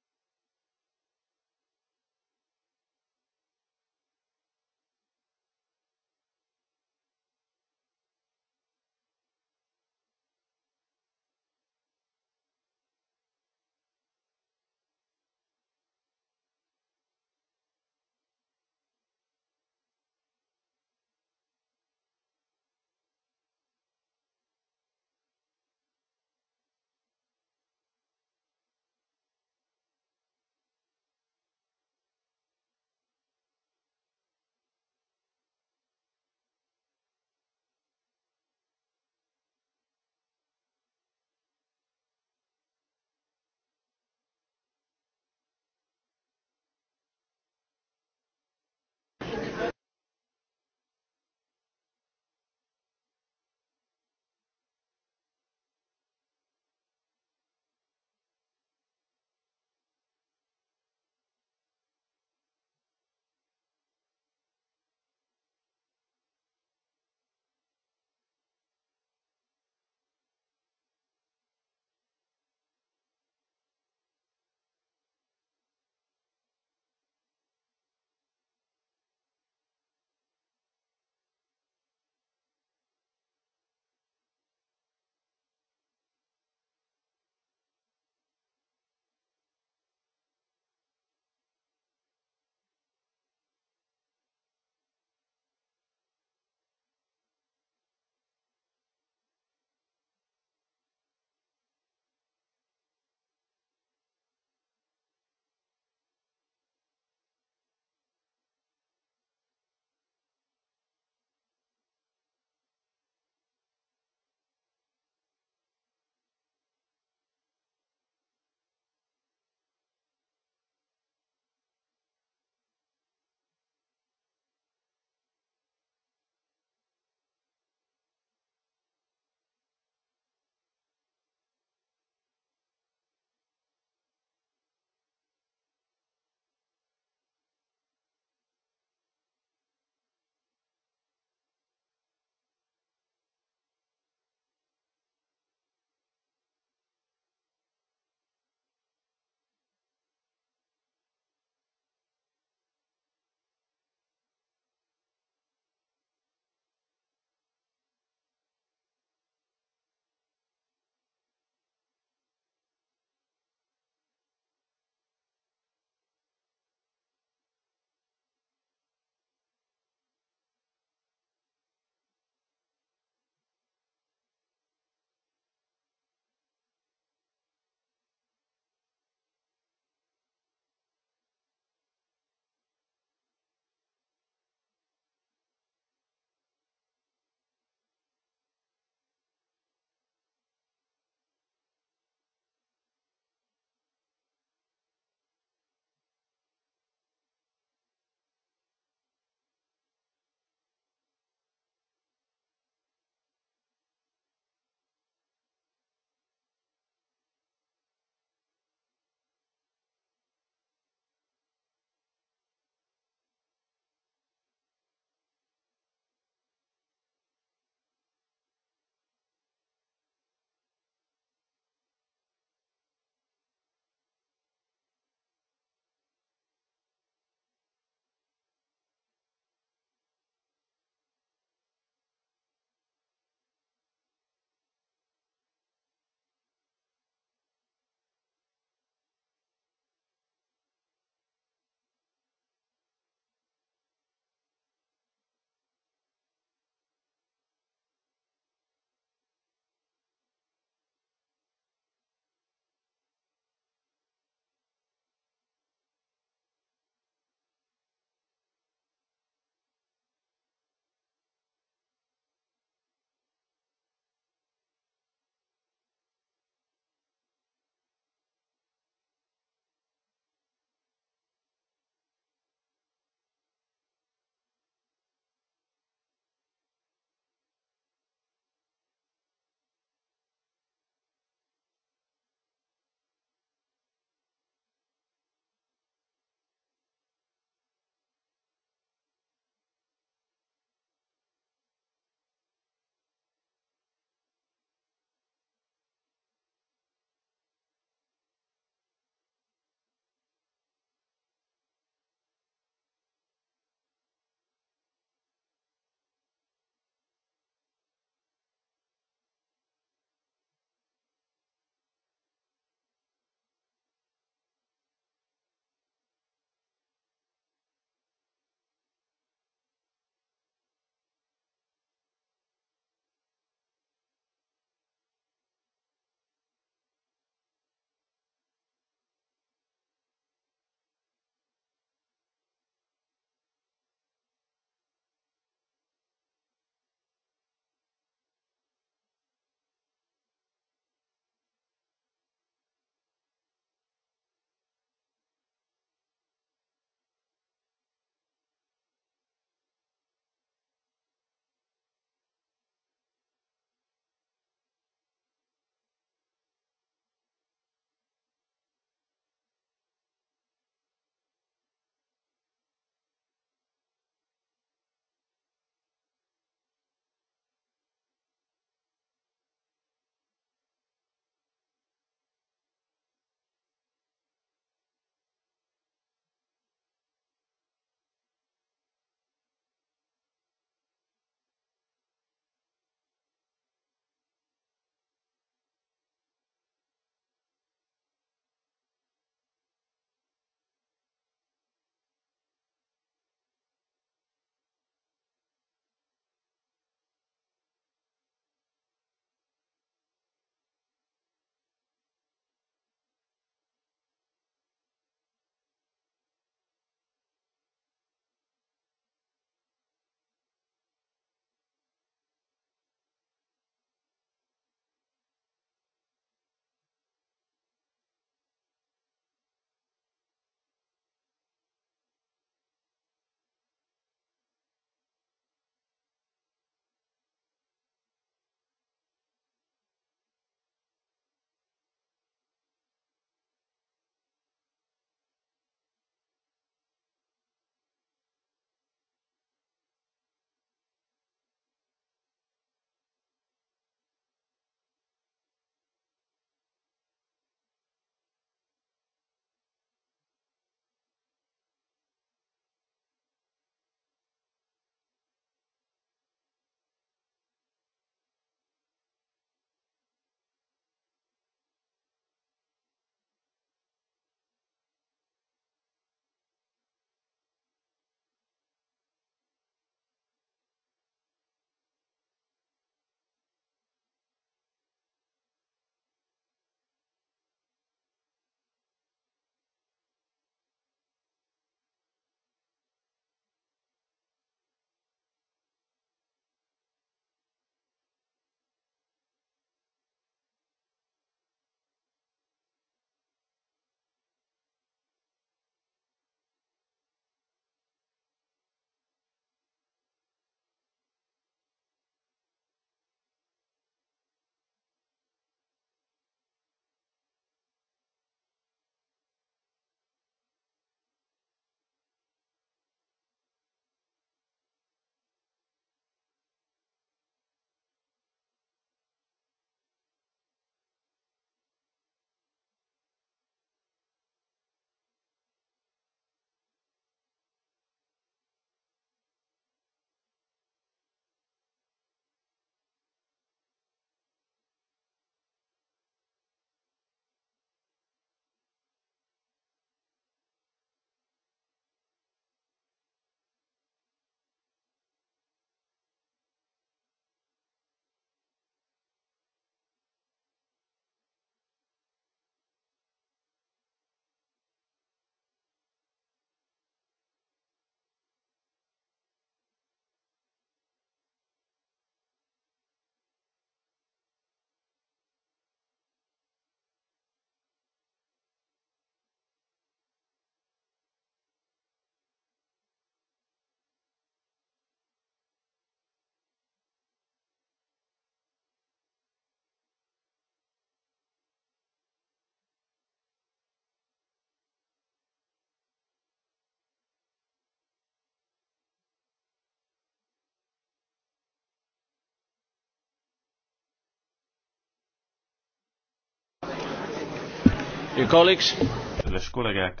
Your colleagues. Kedves kollégák!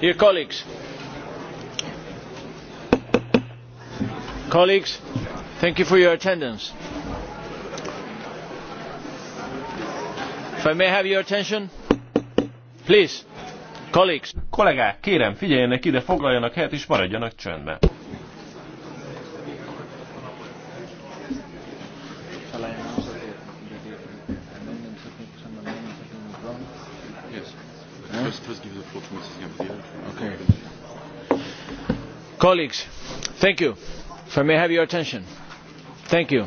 Dear colleagues, colleagues, thank you for your attendance. Kollégák, kérem, figyeljenek ide, foglaljanak helyet és maradjanak csöndben. Colleagues, thank you. If I may have your attention. Thank you.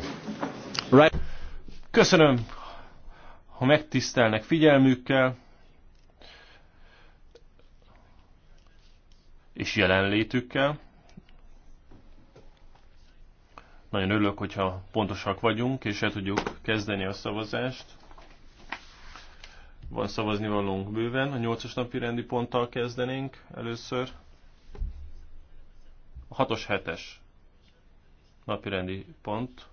Right. Köszönöm, ha megtisztelnek figyelmükkel és jelenlétükkel. Nagyon örülök, hogyha pontosak vagyunk, és el tudjuk kezdeni a szavazást. Van szavazni valónk bőven. A nyolcas napi rendi ponttal kezdenénk először. A 6-os, 7-es napirendi pont.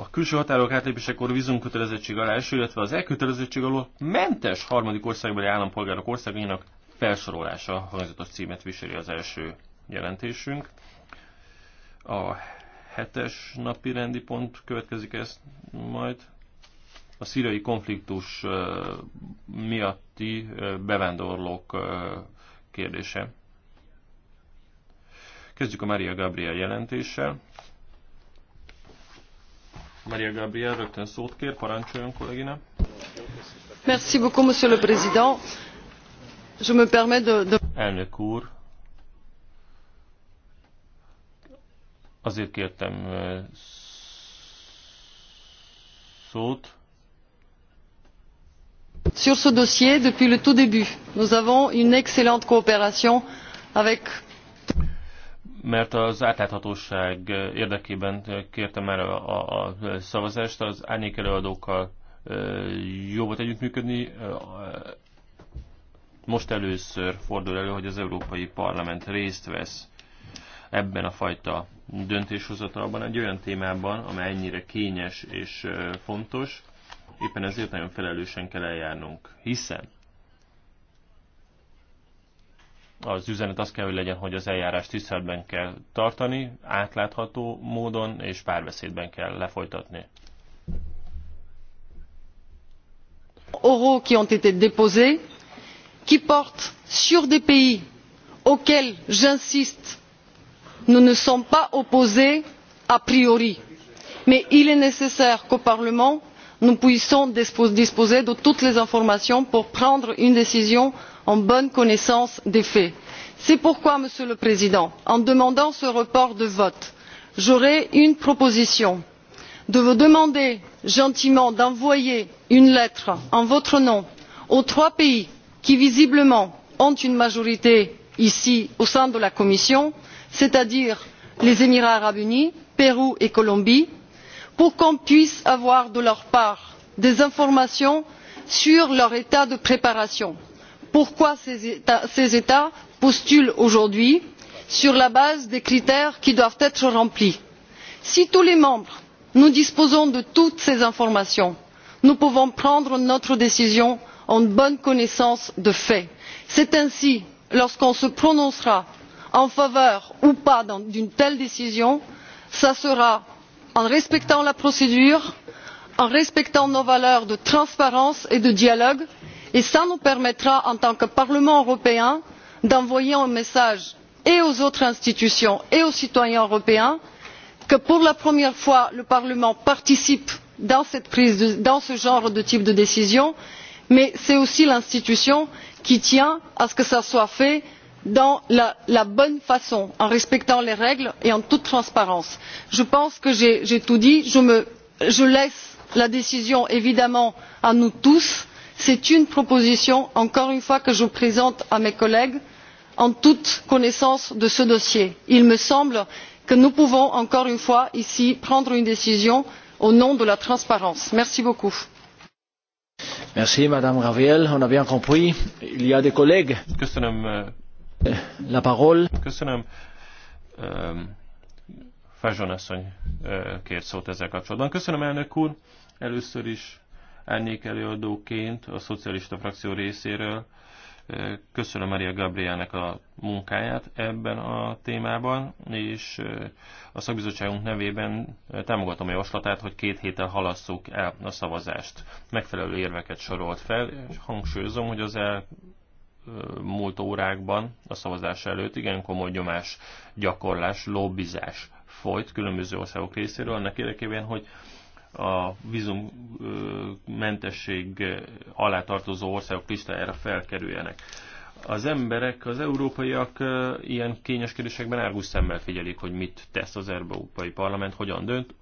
a külső határok átlépésekor vízumkötelezettség alá eső, illetve az elkötelezettség alól mentes harmadik országbeli állampolgárok országainak felsorolása hangzatos címet viseli az első jelentésünk. A hetes napi rendi pont következik ezt majd. A szíriai konfliktus miatti bevándorlók kérdése. Kezdjük a Maria Gabriel jelentéssel. Maria Gabriel rögtön szót kér, parancsoljon kollégina. Merci beaucoup, monsieur le président. Je me permets de... de... Elnök úr, azért kértem szót. Sur ce dossier, depuis le tout début, nous avons une excellente coopération avec mert az átláthatóság érdekében kértem már a, a szavazást, az árnyék előadókkal jó volt együttműködni. Most először fordul elő, hogy az Európai Parlament részt vesz ebben a fajta döntéshozatalban, egy olyan témában, amely ennyire kényes és fontos. Éppen ezért nagyon felelősen kell eljárnunk, hiszen az üzenet az kell, hogy legyen, hogy az eljárás tiszteletben kell tartani, átlátható módon és párbeszédben kell lefolytatni. oraux qui ont été déposés qui portent sur des pays auxquels j'insiste nous ne sommes pas opposés a priori mais il est nécessaire qu'au parlement nous puissions disposer de toutes les informations pour prendre une décision en bonne connaissance des faits. c'est pourquoi monsieur le président en demandant ce report de vote j'aurai une proposition de vous demander gentiment d'envoyer une lettre en votre nom aux trois pays qui visiblement ont une majorité ici au sein de la commission c'est à dire les émirats arabes unis le pérou et la colombie pour qu'on puisse avoir de leur part des informations sur leur état de préparation pourquoi ces états postulent aujourd'hui sur la base des critères qui doivent être remplis. si tous les membres disposons de toutes ces informations nous pouvons prendre notre décision en bonne connaissance de faits. c'est ainsi que lorsqu'on se prononcera en faveur ou pas d'une telle décision ce sera en respectant la procédure en respectant nos valeurs de transparence et de dialogue et cela nous permettra en tant que parlement européen d'envoyer un message et aux autres institutions et aux citoyens européens que pour la première fois le parlement participe à ce genre de décision mais c'est aussi l'institution qui tient à ce que cela soit fait dans la, bonne façon en respectant les règles et en toute transparence. je pense que j'ai tout dit. Je, laisse la décision évidemment à nous tous. c'est une proposition encore une fois que je présente à mes collègues en toute connaissance de ce dossier. il me semble que nous pouvons encore une fois ici prendre une décision au nom de la transparence. merci beaucoup. Merci, Madame Raviel. On a bien compris. Il y a des collègues. Köszönöm. Fázson asszony kért szót ezzel kapcsolatban. Köszönöm, elnök úr. Először is árnyék előadóként a szocialista frakció részéről köszönöm Maria Gabrielnek a munkáját ebben a témában, és a szakbizottságunk nevében támogatom a javaslatát, hogy két héttel halasszuk el a szavazást. Megfelelő érveket sorolt fel, és hangsúlyozom, hogy az el múlt órákban a szavazás előtt igen komoly nyomás, gyakorlás, lobbizás folyt különböző országok részéről, annak érdekében, hogy a vízummentesség alá tartozó országok listájára felkerüljenek. Az emberek, az európaiak ilyen kényes kérdésekben árgus szemmel figyelik, hogy mit tesz az Európai Parlament, hogyan dönt,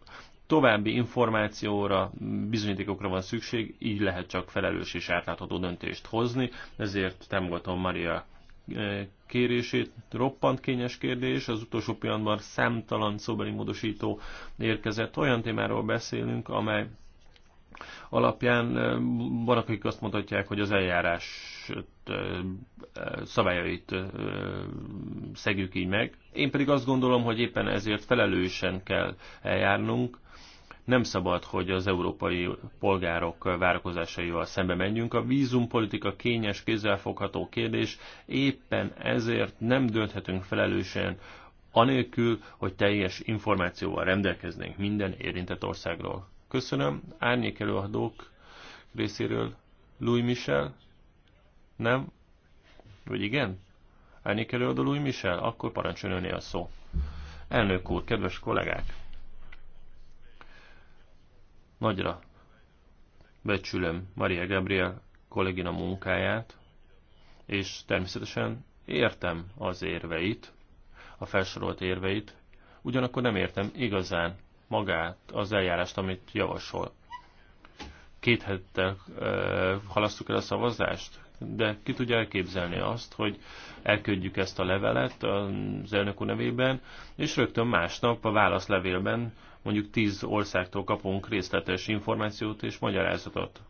További információra, bizonyítékokra van szükség, így lehet csak felelős és átlátható döntést hozni, ezért támogatom Maria e, kérését. Roppant kényes kérdés, az utolsó pillanatban számtalan szóbeli módosító érkezett. Olyan témáról beszélünk, amely alapján van, e, akik azt mondhatják, hogy az eljárás e, szabályait szegjük így meg. Én pedig azt gondolom, hogy éppen ezért felelősen kell eljárnunk, nem szabad, hogy az európai polgárok várakozásaival szembe menjünk. A vízumpolitika kényes, kézzelfogható kérdés, éppen ezért nem dönthetünk felelősen anélkül, hogy teljes információval rendelkeznénk minden érintett országról. Köszönöm. Árnyék előadók részéről Louis Michel? Nem? Vagy igen? Árnyék előadó Louis Michel? Akkor parancsoljon a szó. Elnök úr, kedves kollégák! Nagyra becsülöm Maria Gabriel kollégina munkáját, és természetesen értem az érveit, a felsorolt érveit, ugyanakkor nem értem igazán magát, az eljárást, amit javasol. Két hettel e, halasztuk el a szavazást, de ki tudja elképzelni azt, hogy elküldjük ezt a levelet az elnök nevében, és rögtön másnap a válaszlevélben mondjuk tíz országtól kapunk részletes információt és magyarázatot.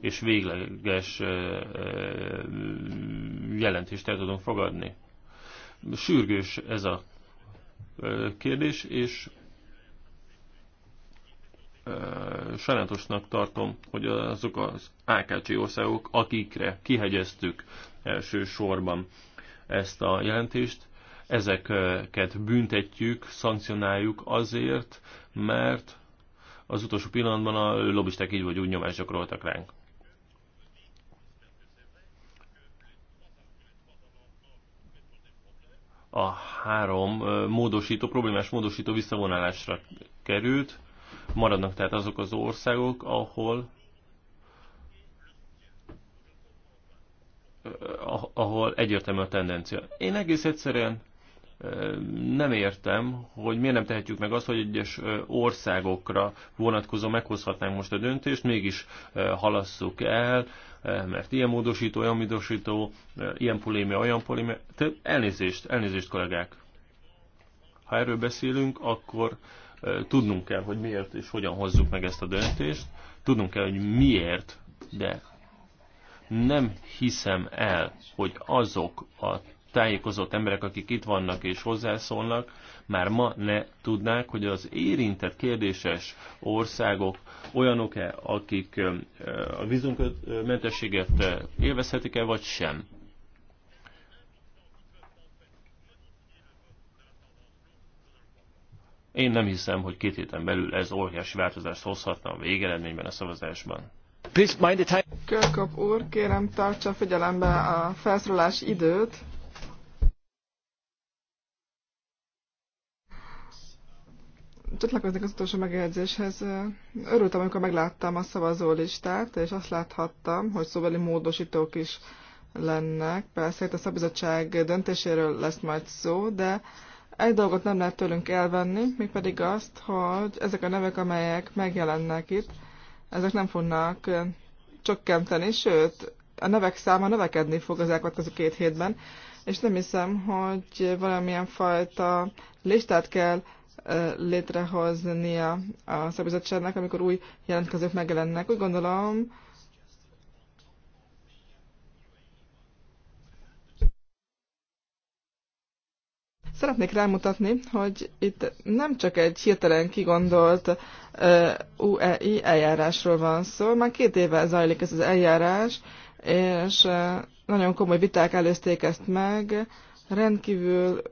És végleges jelentést el tudunk fogadni. Sürgős ez a kérdés, és sajnálatosnak tartom, hogy azok az AKC országok, akikre kihegyeztük elsősorban ezt a jelentést, ezeket büntetjük, szankcionáljuk azért, mert az utolsó pillanatban a lobbisták így vagy úgy nyomást gyakoroltak ránk. A három módosító, problémás módosító visszavonálásra került. Maradnak tehát azok az országok, ahol ahol egyértelmű a tendencia. Én egész egyszerűen nem értem, hogy miért nem tehetjük meg azt, hogy egyes országokra vonatkozó meghozhatnánk most a döntést, mégis halasszuk el, mert ilyen módosító, olyan módosító, ilyen polémia, olyan polémia. Elnézést, elnézést kollégák. Ha erről beszélünk, akkor tudnunk kell, hogy miért és hogyan hozzuk meg ezt a döntést. Tudnunk kell, hogy miért, de nem hiszem el, hogy azok a tájékozott emberek, akik itt vannak és hozzászólnak, már ma ne tudnák, hogy az érintett kérdéses országok olyanok-e, akik a vízumkötmentességet élvezhetik-e, vagy sem. Én nem hiszem, hogy két héten belül ez óriási változást hozhatna a végeredményben a szavazásban. Please úr, kérem tartsa figyelembe a felszólalás időt. csatlakoznék az utolsó megjegyzéshez. Örültem, amikor megláttam a szavazó listát, és azt láthattam, hogy szóbeli módosítók is lennek. Persze itt a szabizottság döntéséről lesz majd szó, de egy dolgot nem lehet tőlünk elvenni, mégpedig azt, hogy ezek a nevek, amelyek megjelennek itt, ezek nem fognak csökkenteni, sőt, a nevek száma növekedni fog az elkövetkező két hétben, és nem hiszem, hogy valamilyen fajta listát kell létrehoznia a szabizottságnak, amikor új jelentkezők megjelennek. Úgy gondolom, Szeretnék rámutatni, hogy itt nem csak egy hirtelen kigondolt UEI eljárásról van szó, már két éve zajlik ez az eljárás, és nagyon komoly viták előzték ezt meg, Rendkívül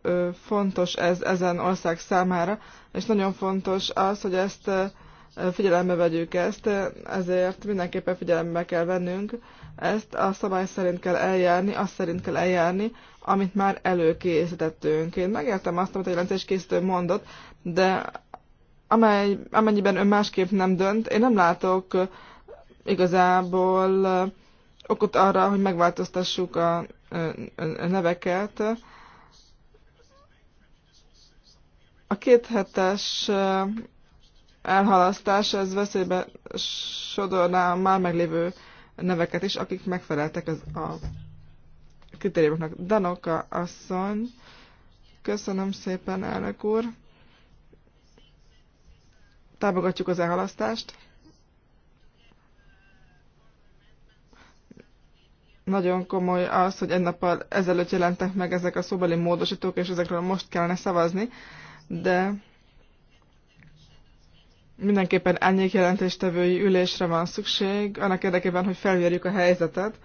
fontos ez ezen ország számára, és nagyon fontos az, hogy ezt figyelembe vegyük ezt, ezért mindenképpen figyelembe kell vennünk, ezt a szabály szerint kell eljárni, azt szerint kell eljárni, amit már előkészítettünk. Én megértem azt, amit a jelentéskészítő mondott, de amely, amennyiben ön másképp nem dönt, én nem látok igazából okot arra, hogy megváltoztassuk a neveket. A két hetes elhalasztás ez veszélybe sodorná a már meglévő neveket is, akik megfeleltek az a kritériumoknak. Danoka asszony, köszönöm szépen, elnök úr. Támogatjuk az elhalasztást. nagyon komoly az, hogy egy nappal ezelőtt jelentek meg ezek a szóbeli módosítók, és ezekről most kellene szavazni, de mindenképpen ennyi jelentéstevői ülésre van szükség, annak érdekében, hogy felvérjük a helyzetet,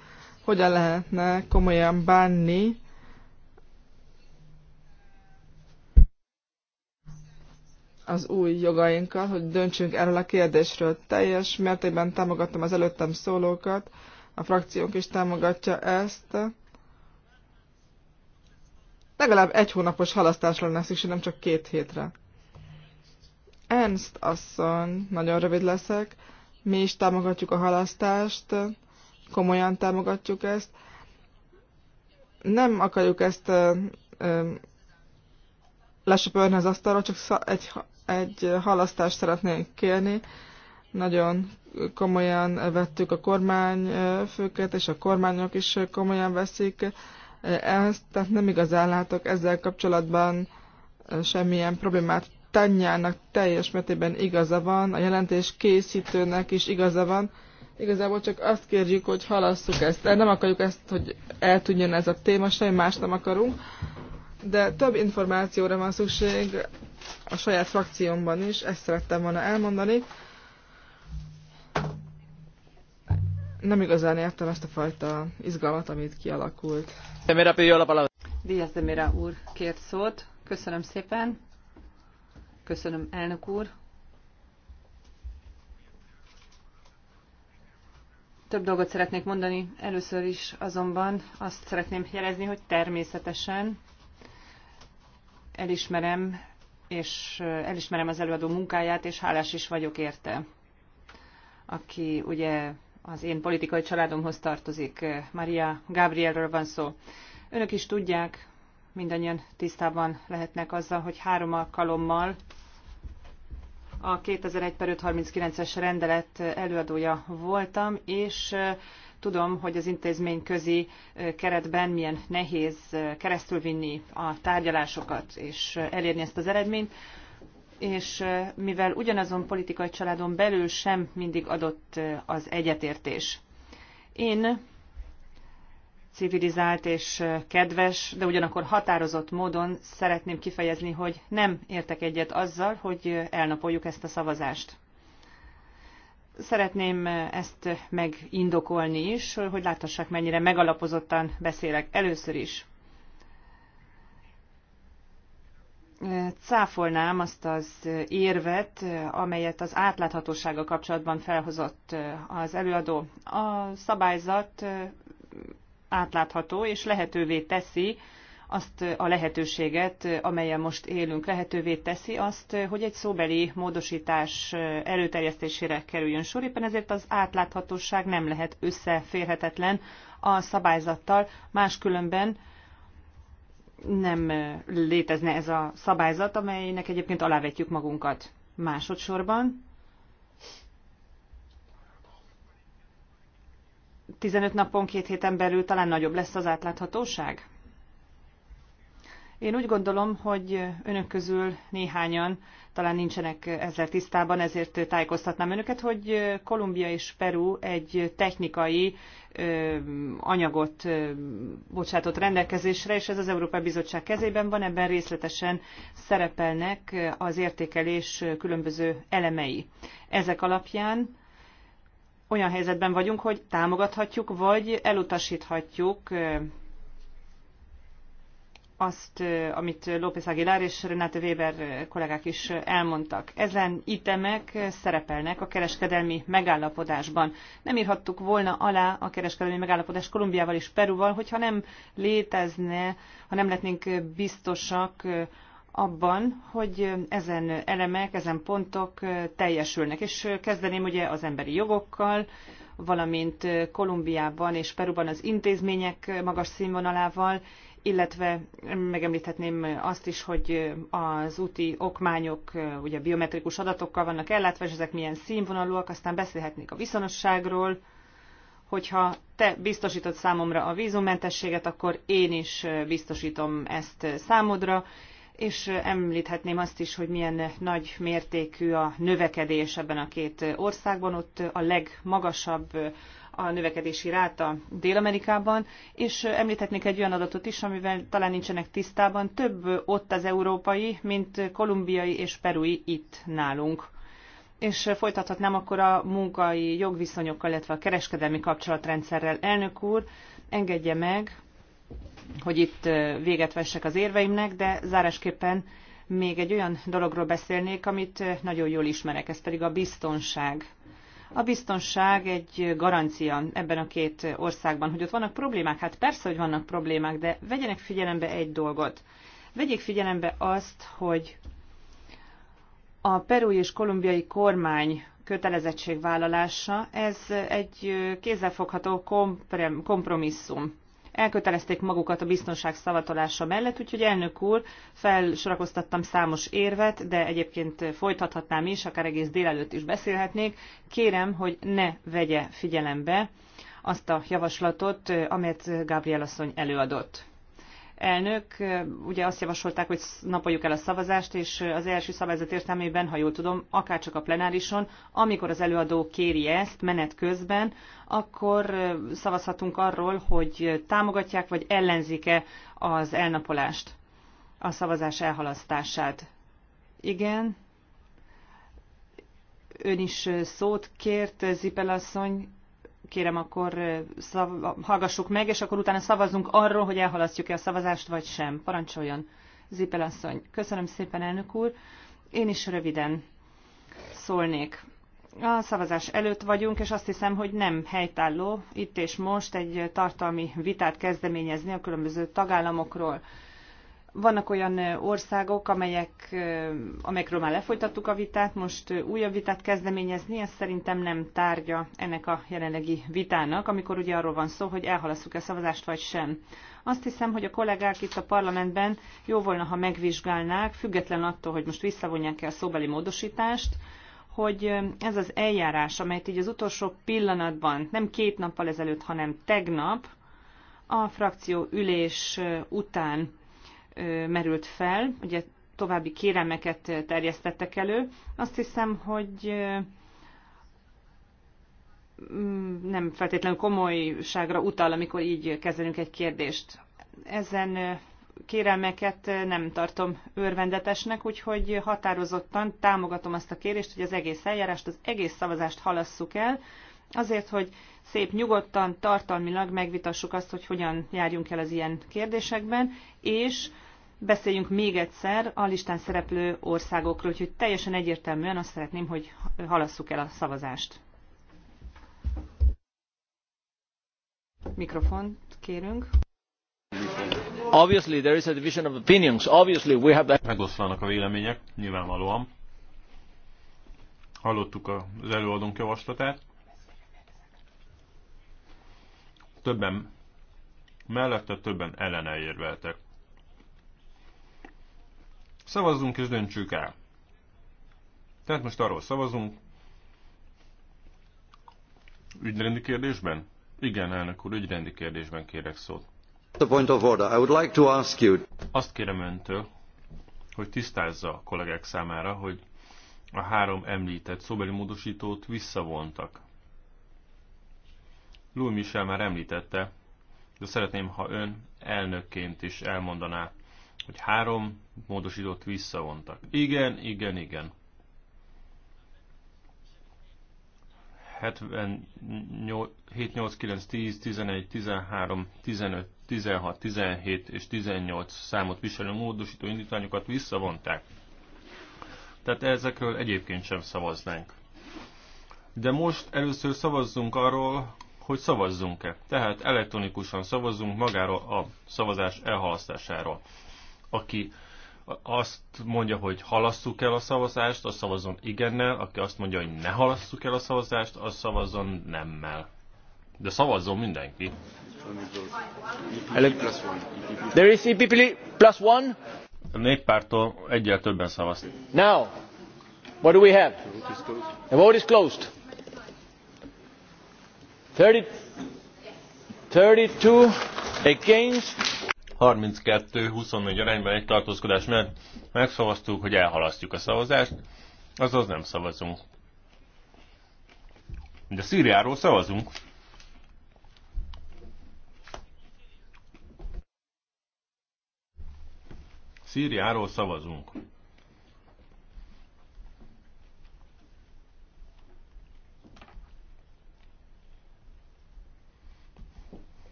hogyan lehetne komolyan bánni az új jogainkkal, hogy döntsünk erről a kérdésről. Teljes mértékben támogattam az előttem szólókat, a frakciónk is támogatja ezt. Legalább egy hónapos halasztásra lenne szükség, nem csak két hétre. Ernst asszony, nagyon rövid leszek, mi is támogatjuk a halasztást, komolyan támogatjuk ezt. Nem akarjuk ezt lesöpörni az asztalra, csak egy, egy halasztást szeretnénk kérni nagyon komolyan vettük a kormányfőket, és a kormányok is komolyan veszik ezt, tehát nem igazán látok ezzel kapcsolatban semmilyen problémát. Tanyának teljes mértékben igaza van, a jelentés készítőnek is igaza van. Igazából csak azt kérjük, hogy halasszuk ezt Nem akarjuk ezt, hogy eltűnjön ez a téma, semmi más nem akarunk. De több információra van szükség a saját frakciómban is, ezt szerettem volna elmondani. nem igazán értem ezt a fajta izgalmat, amit kialakult. Demira pidió a palabra. Díaz Demira úr kért szót. Köszönöm szépen. Köszönöm, elnök úr. Több dolgot szeretnék mondani. Először is azonban azt szeretném jelezni, hogy természetesen elismerem, és eh, elismerem az előadó munkáját, és hálás is vagyok érte, aki ugye az én politikai családomhoz tartozik. Eh, Maria Gabrielről van szó. Önök is tudják, mindannyian tisztában lehetnek azzal, hogy három alkalommal a 2001 per 539-es rendelet előadója voltam, és eh, tudom, hogy az intézmény közi eh, keretben milyen nehéz keresztülvinni a tárgyalásokat és elérni ezt az eredményt és mivel ugyanazon politikai családon belül sem mindig adott az egyetértés. Én civilizált és kedves, de ugyanakkor határozott módon szeretném kifejezni, hogy nem értek egyet azzal, hogy elnapoljuk ezt a szavazást. Szeretném ezt megindokolni is, hogy láthassák, mennyire megalapozottan beszélek először is. cáfolnám azt az érvet, amelyet az átláthatósága kapcsolatban felhozott az előadó. A szabályzat átlátható és lehetővé teszi azt a lehetőséget, amelyen most élünk, lehetővé teszi azt, hogy egy szóbeli módosítás előterjesztésére kerüljön sor. Éppen ezért az átláthatóság nem lehet összeférhetetlen a szabályzattal, máskülönben nem létezne ez a szabályzat, amelynek egyébként alávetjük magunkat. Másodszorban 15 napon, két héten belül talán nagyobb lesz az átláthatóság? Én úgy gondolom, hogy önök közül néhányan talán nincsenek ezzel tisztában, ezért tájékoztatnám önöket, hogy Kolumbia és Peru egy technikai anyagot bocsátott rendelkezésre, és ez az Európai Bizottság kezében van, ebben részletesen szerepelnek az értékelés különböző elemei. Ezek alapján olyan helyzetben vagyunk, hogy támogathatjuk, vagy elutasíthatjuk azt, amit López Aguilar és Renate Weber kollégák is elmondtak. Ezen itemek szerepelnek a kereskedelmi megállapodásban. Nem írhattuk volna alá a kereskedelmi megállapodás Kolumbiával és Peruval, hogyha nem létezne, ha nem lettünk biztosak abban, hogy ezen elemek, ezen pontok teljesülnek. És kezdeném ugye az emberi jogokkal, valamint Kolumbiában és Peruban az intézmények magas színvonalával, illetve megemlíthetném azt is, hogy az úti okmányok ugye biometrikus adatokkal vannak ellátva, és ezek milyen színvonalúak, aztán beszélhetnék a viszonosságról, hogyha te biztosítod számomra a vízummentességet, akkor én is biztosítom ezt számodra, és említhetném azt is, hogy milyen nagy mértékű a növekedés ebben a két országban, ott a legmagasabb a növekedési ráta Dél-Amerikában, és említhetnék egy olyan adatot is, amivel talán nincsenek tisztában, több ott az európai, mint kolumbiai és perui itt nálunk. És folytathatnám akkor a munkai jogviszonyokkal, illetve a kereskedelmi kapcsolatrendszerrel. Elnök úr, engedje meg, hogy itt véget vessek az érveimnek, de zárásképpen még egy olyan dologról beszélnék, amit nagyon jól ismerek, ez pedig a biztonság. A biztonság egy garancia ebben a két országban, hogy ott vannak problémák. Hát persze, hogy vannak problémák, de vegyenek figyelembe egy dolgot. Vegyék figyelembe azt, hogy a perui és kolumbiai kormány kötelezettségvállalása, ez egy kézzelfogható kompromisszum elkötelezték magukat a biztonság szavatolása mellett, úgyhogy elnök úr, felsorakoztattam számos érvet, de egyébként folytathatnám is, akár egész délelőtt is beszélhetnék. Kérem, hogy ne vegye figyelembe azt a javaslatot, amelyet Gabriel asszony előadott elnök. Ugye azt javasolták, hogy napoljuk el a szavazást, és az első szavazat értelmében, ha jól tudom, akárcsak a plenárison, amikor az előadó kéri ezt menet közben, akkor szavazhatunk arról, hogy támogatják vagy ellenzik ellenzik-e az elnapolást, a szavazás elhalasztását. Igen. Ön is szót kért, Zipel asszony, kérem, akkor szav- hallgassuk meg, és akkor utána szavazzunk arról, hogy elhalasztjuk-e a szavazást, vagy sem. Parancsoljon, Zipel asszony. Köszönöm szépen, elnök úr. Én is röviden szólnék. A szavazás előtt vagyunk, és azt hiszem, hogy nem helytálló itt és most egy tartalmi vitát kezdeményezni a különböző tagállamokról. Vannak olyan országok, amelyek, amelyekről már lefolytattuk a vitát, most újabb vitát kezdeményezni, ez szerintem nem tárgya ennek a jelenlegi vitának, amikor ugye arról van szó, hogy elhalasszuk-e a szavazást vagy sem. Azt hiszem, hogy a kollégák itt a parlamentben jó volna, ha megvizsgálnák, független attól, hogy most visszavonják-e a szóbeli módosítást, hogy ez az eljárás, amelyet így az utolsó pillanatban, nem két nappal ezelőtt, hanem tegnap, a frakció ülés után merült fel, ugye további kéremeket terjesztettek elő. Azt hiszem, hogy mm, nem feltétlenül komolyságra utal, amikor így kezelünk egy kérdést. Ezen kérelmeket nem tartom örvendetesnek, úgyhogy határozottan támogatom azt a kérést, hogy az egész eljárást, az egész szavazást halasszuk el, azért, hogy szép nyugodtan, tartalmilag megvitassuk azt, hogy hogyan járjunk el az ilyen kérdésekben, és beszéljünk még egyszer a listán szereplő országokról, úgyhogy teljesen egyértelműen azt szeretném, hogy halasszuk el a szavazást. Mikrofont kérünk. Obviously there is a division of opinions. Obviously we have that. Megoszlanak a vélemények, nyilvánvalóan. Hallottuk az előadónk javaslatát. Többen mellette, többen ellene érveltek. Szavazzunk és döntsük el. Tehát most arról szavazunk. Ügyrendi kérdésben? Igen, elnök úr, ügyrendi kérdésben kérek szót. The point of order. I would like to ask you. Azt kérem öntől, hogy tisztázza a kollégák számára, hogy a három említett szóbeli módosítót visszavontak. Louis Michel már említette, de szeretném, ha ön elnökként is elmondaná hogy három módosított visszavontak. Igen, igen, igen. 78, 7, 8, 9, 10, 11, 13, 15, 16, 17 és 18 számot viselő módosító indítványokat visszavonták. Tehát ezekről egyébként sem szavaznánk. De most először szavazzunk arról, hogy szavazzunk-e. Tehát elektronikusan szavazzunk magáról a szavazás elhalasztásáról aki azt mondja, hogy halasszuk el a szavazást, az szavazzon igennel, aki azt mondja, hogy ne halasszuk el a szavazást, az szavazzon nemmel. De szavazzon mindenki. There is EPP plus one. A néppártól egyel többen szavaztak. Now, what do we have? The vote is closed. 30, 32 against 32-24 arányban egy tartózkodás mellett megszavaztuk, hogy elhalasztjuk a szavazást, azaz nem szavazunk. De Szíriáról szavazunk. Szíriáról szavazunk.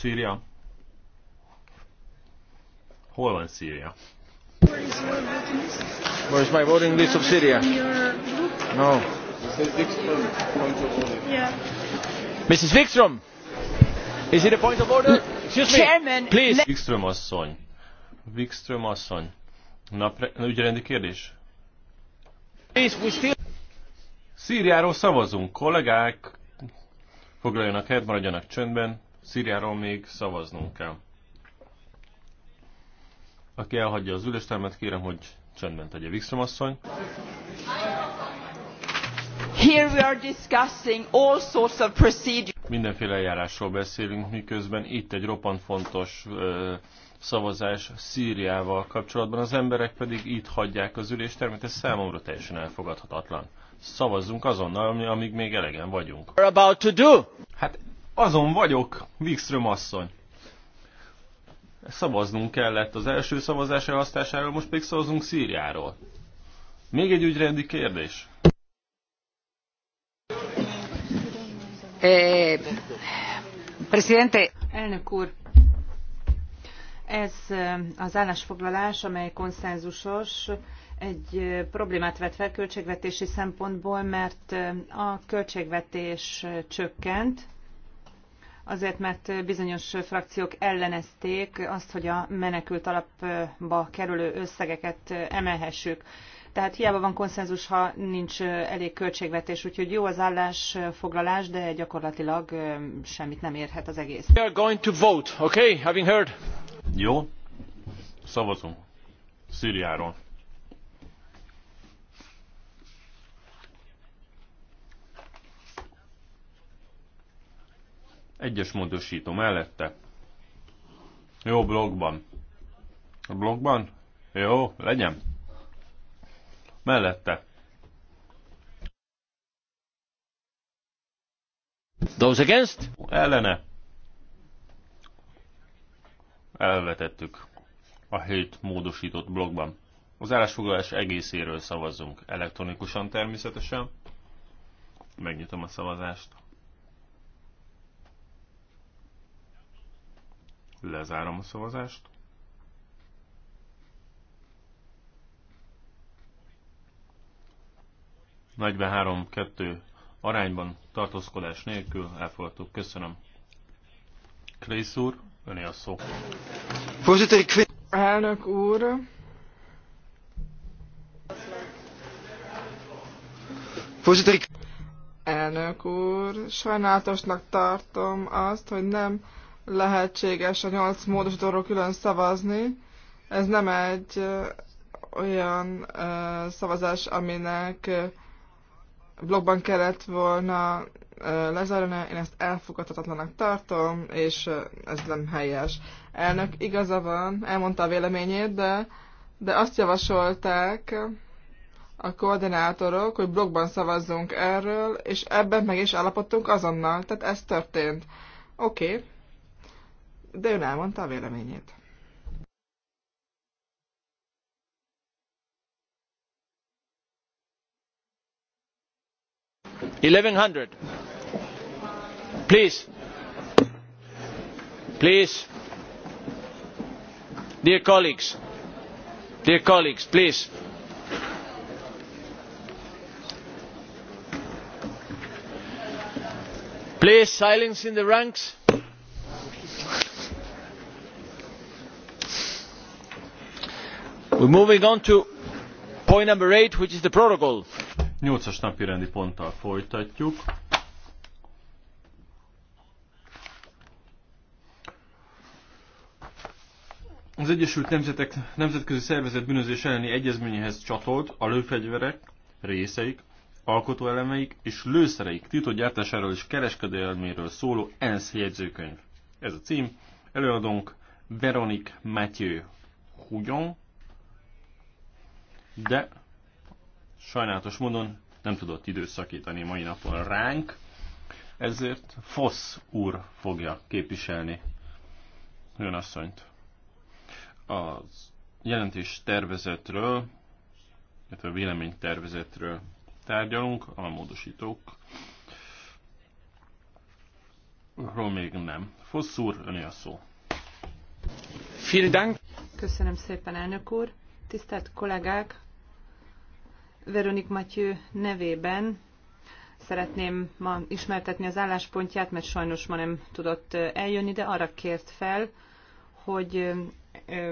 Szíria? Hol van Szíria? Where is my voting list of Syria? No. Mrs. Wikström! Is it a point of order? Excuse me. Chairman, please. Wikström asszony. Wikström asszony. Napre... Ügyrendi kérdés? Please, we still... Szíriáról szavazunk, kollégák! Foglaljanak helyet, maradjanak csöndben. Szíriáról még szavaznunk kell. Aki elhagyja az üléstermet, kérem, hogy csendben tegye Wikström asszony. Here we are discussing all sorts of procedures. Mindenféle eljárásról beszélünk, miközben itt egy roppant fontos ö, szavazás Szíriával kapcsolatban, az emberek pedig itt hagyják az üléstermet, ez számomra teljesen elfogadhatatlan. Szavazzunk azonnal, amíg még elegen vagyunk. About to do. Hát azon vagyok, Wikström asszony. Szavaznunk kellett az első szavazás elhasztásáról, most pedig szavazunk Szíriáról. Még egy ügyrendi kérdés. Eh, presidente. Elnök úr, ez eh, az állásfoglalás, amely konszenzusos, egy eh, problémát vet fel költségvetési szempontból, mert eh, a költségvetés csökkent, azért, mert bizonyos frakciók ellenezték azt, hogy a menekült alapba kerülő összegeket emelhessük. Tehát hiába van konszenzus, ha nincs elég költségvetés, úgyhogy jó az állásfoglalás, de gyakorlatilag semmit nem érhet az egész. We are going to vote, okay? Having heard. Jó, szavazunk. Szíriáról. Egyes módosító mellette. Jó, blogban. A blogban? Jó, legyen. Mellette. Those against? Ellene. Elvetettük a hét módosított blogban. Az állásfoglalás egészéről szavazzunk, elektronikusan természetesen. Megnyitom a szavazást. Lezárom a szavazást. Nagyben 3-2 arányban tartózkodás nélkül elfogadtuk. Köszönöm. Krész úr, öné a szó. Elnök úr, Elnök úr, sajnálatosnak tartom azt, hogy nem lehetséges a nyolc módosítóról külön szavazni. Ez nem egy olyan szavazás, aminek blogban kellett volna lezárulna, én ezt elfogadhatatlanak tartom, és ez nem helyes. Elnök igaza van, elmondta a véleményét, de, de azt javasolták a koordinátorok, hogy blogban szavazzunk erről, és ebben meg is állapodtunk azonnal, tehát ez történt. Oké. Okay de ön elmondta a véleményét. eleven hundred please please dear colleagues dear colleagues please please silence in the ranks Nyolcas napirendi ponttal folytatjuk. Az Egyesült Nemzetek Nemzetközi Szervezet bűnözés elleni egyezményéhez csatolt a lőfegyverek, részeik, alkotóelemeik és lőszereik gyártásáról és kereskedelméről szóló ENSZ jegyzőkönyv. Ez a cím. Előadónk Veronique Mathieu Hugyon, de sajnálatos módon nem tudott időszakítani mai napon ránk, ezért Fosz úr fogja képviselni önasszonyt. A jelentés tervezetről, illetve a vélemény tervezetről tárgyalunk, a módosítók. Ról még nem. Fosz úr, öné a szó. Dank. Köszönöm szépen, elnök úr. Tisztelt kollégák, Veronique Mathieu nevében szeretném ma ismertetni az álláspontját, mert sajnos ma nem tudott eljönni, de arra kért fel, hogy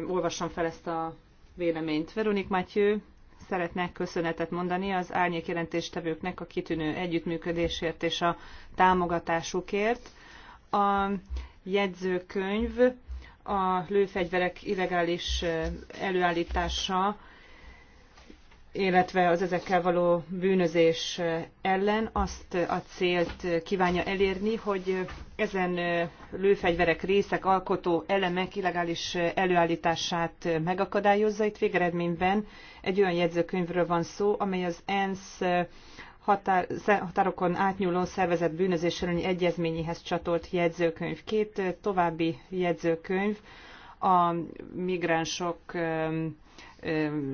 olvassam fel ezt a véleményt. Veronique Mathieu szeretne köszönetet mondani az árnyék jelentéstevőknek a kitűnő együttműködésért és a támogatásukért. A jegyzőkönyv a lőfegyverek illegális előállítása illetve az ezekkel való bűnözés ellen azt a célt kívánja elérni, hogy ezen lőfegyverek részek, alkotó elemek illegális előállítását megakadályozza. Itt végeredményben egy olyan jegyzőkönyvről van szó, amely az ENSZ határokon átnyúló szervezett bűnözés elleni egyezményéhez csatolt jegyzőkönyv. Két további jegyzőkönyv a migránsok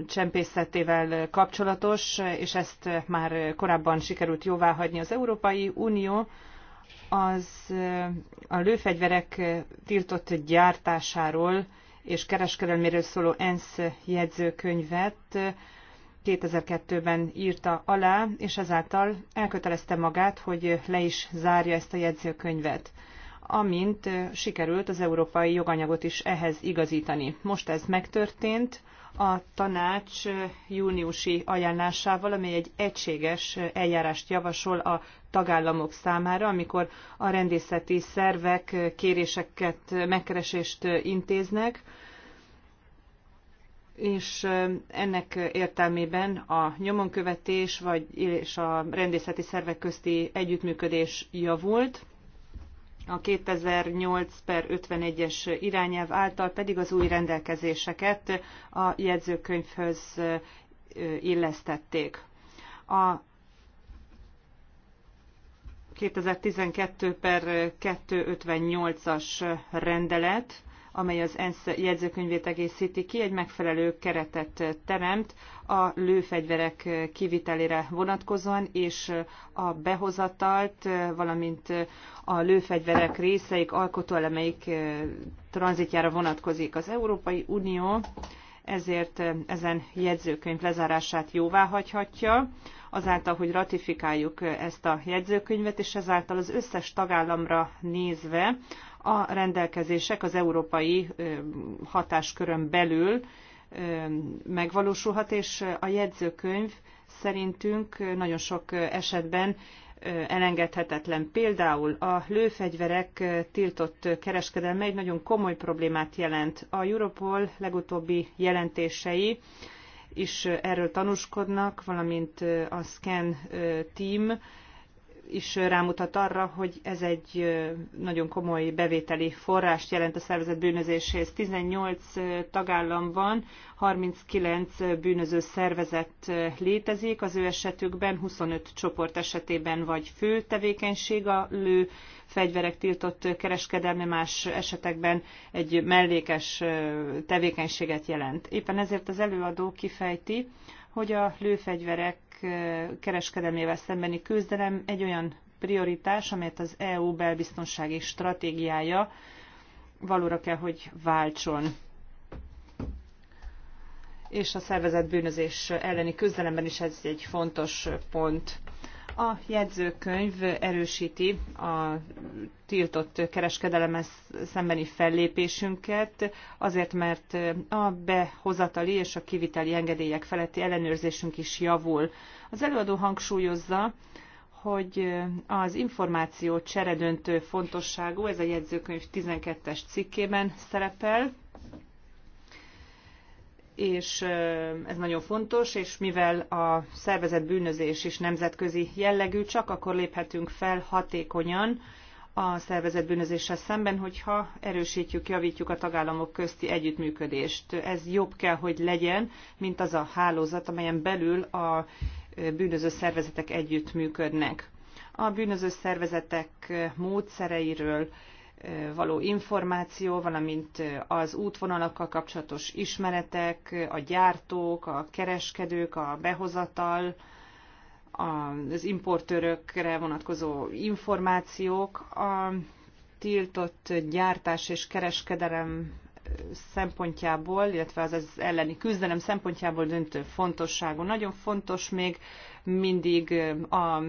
csempészetével kapcsolatos, és ezt már korábban sikerült jóváhagyni az Európai Unió, az a lőfegyverek tiltott gyártásáról és kereskedelméről szóló ENSZ jegyzőkönyvet 2002-ben írta alá, és ezáltal elkötelezte magát, hogy le is zárja ezt a jegyzőkönyvet amint sikerült az európai joganyagot is ehhez igazítani. Most ez megtörtént a tanács júniusi ajánlásával, amely egy egységes eljárást javasol a tagállamok számára, amikor a rendészeti szervek kéréseket, megkeresést intéznek, és ennek értelmében a nyomonkövetés vagy, és a rendészeti szervek közti együttműködés javult a 2008 per 51-es irányelv által pedig az új rendelkezéseket a jegyzőkönyvhöz illesztették. A 2012 per 258-as rendelet amely az ENSZ jegyzőkönyvét egészíti ki, egy megfelelő keretet teremt a lőfegyverek kivitelére vonatkozóan, és a behozatalt, valamint a lőfegyverek részeik, alkotóelemeik tranzitjára vonatkozik. Az Európai Unió ezért ezen jegyzőkönyv lezárását jóvá hagyhatja, azáltal, hogy ratifikáljuk ezt a jegyzőkönyvet, és ezáltal az összes tagállamra nézve, a rendelkezések az európai hatáskörön belül megvalósulhat, és a jegyzőkönyv szerintünk nagyon sok esetben elengedhetetlen. Például a lőfegyverek tiltott kereskedelme egy nagyon komoly problémát jelent. A Europol legutóbbi jelentései is erről tanúskodnak, valamint a Scan Team is rámutat arra, hogy ez egy nagyon komoly bevételi forrást jelent a szervezet bűnözéséhez. 18 tagállamban 39 bűnöző szervezet létezik, az ő esetükben 25 csoport esetében vagy fő tevékenység a lő fegyverek tiltott kereskedelme, más esetekben egy mellékes tevékenységet jelent. Éppen ezért az előadó kifejti, hogy a lőfegyverek kereskedelmével szembeni küzdelem egy olyan prioritás, amelyet az EU belbiztonsági stratégiája valóra kell, hogy váltson és a szervezett bűnözés elleni küzdelemben is ez egy fontos pont. A jegyzőkönyv erősíti a tiltott kereskedelemmel szembeni fellépésünket, azért mert a behozatali és a kiviteli engedélyek feletti ellenőrzésünk is javul. Az előadó hangsúlyozza, hogy az információ cseredöntő fontosságú, ez a jegyzőkönyv 12-es cikkében szerepel, és ez nagyon fontos, és mivel a szervezett bűnözés is nemzetközi jellegű, csak akkor léphetünk fel hatékonyan a szervezett bűnözéssel szemben, hogyha erősítjük, javítjuk a tagállamok közti együttműködést. Ez jobb kell, hogy legyen, mint az a hálózat, amelyen belül a bűnöző szervezetek együttműködnek. A bűnöző szervezetek módszereiről, való információ, valamint az útvonalakkal kapcsolatos ismeretek, a gyártók, a kereskedők, a behozatal, az importőrökre vonatkozó információk, a tiltott gyártás és kereskedelem szempontjából, illetve az, az elleni küzdelem szempontjából döntő fontosságú. Nagyon fontos még mindig a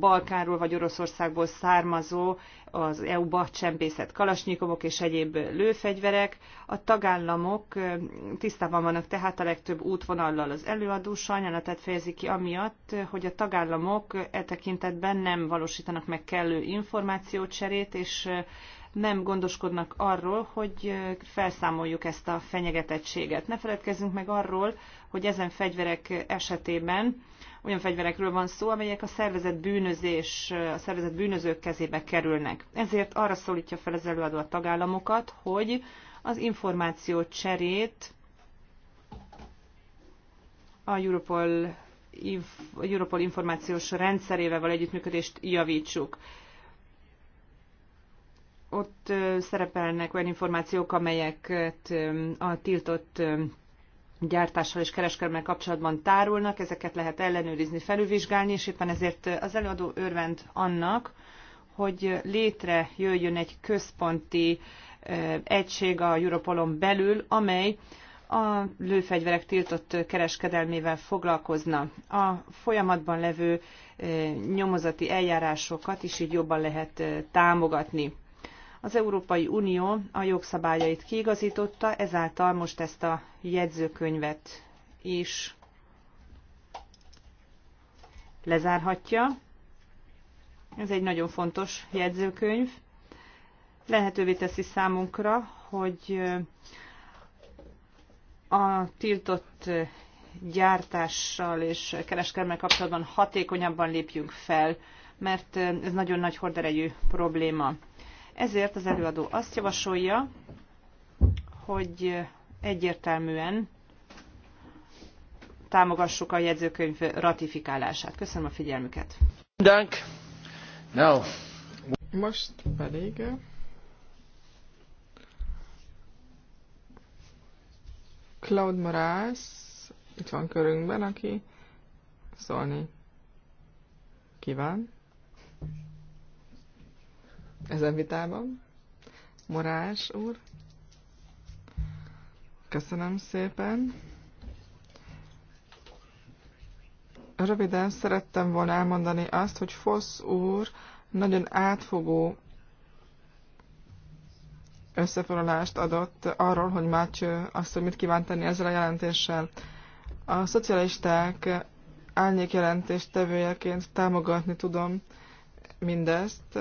Balkánról vagy Oroszországból származó az EU-ba csempészet kalasnyikomok és egyéb lőfegyverek. A tagállamok tisztában vannak tehát a legtöbb útvonallal az előadó sajnálatát fejezi ki amiatt, hogy a tagállamok e tekintetben nem valósítanak meg kellő információcserét, és nem gondoskodnak arról, hogy felszámoljuk ezt a fenyegetettséget. Ne feledkezzünk meg arról, hogy ezen fegyverek esetében olyan fegyverekről van szó, amelyek a szervezet bűnözés, a szervezet bűnözők kezébe kerülnek. Ezért arra szólítja fel az előadó a tagállamokat, hogy az információ cserét a Europol, a Europol információs rendszerével való együttműködést javítsuk ott szerepelnek olyan információk, amelyeket a tiltott gyártással és kereskedelmel kapcsolatban tárulnak, ezeket lehet ellenőrizni, felülvizsgálni, és éppen ezért az előadó örvend annak, hogy létrejöjjön egy központi egység a Europolon belül, amely a lőfegyverek tiltott kereskedelmével foglalkozna. A folyamatban levő nyomozati eljárásokat is így jobban lehet támogatni. Az Európai Unió a jogszabályait kiigazította, ezáltal most ezt a jegyzőkönyvet is lezárhatja. Ez egy nagyon fontos jegyzőkönyv. Lehetővé teszi számunkra, hogy a tiltott gyártással és kereskedelmel kapcsolatban hatékonyabban lépjünk fel, mert ez nagyon nagy horderejű probléma. Ezért az előadó azt javasolja, hogy egyértelműen támogassuk a jegyzőkönyv ratifikálását. Köszönöm a figyelmüket. Dank. Now. Most pedig Claude Morász itt van körünkben, aki szólni kíván ezen vitában. Morás úr. Köszönöm szépen. Röviden szerettem volna elmondani azt, hogy Fosz úr nagyon átfogó összefoglalást adott arról, hogy Mácső azt, hogy mit kívánt tenni ezzel a jelentéssel. A szocialisták árnyék jelentést tevőjeként támogatni tudom mindezt,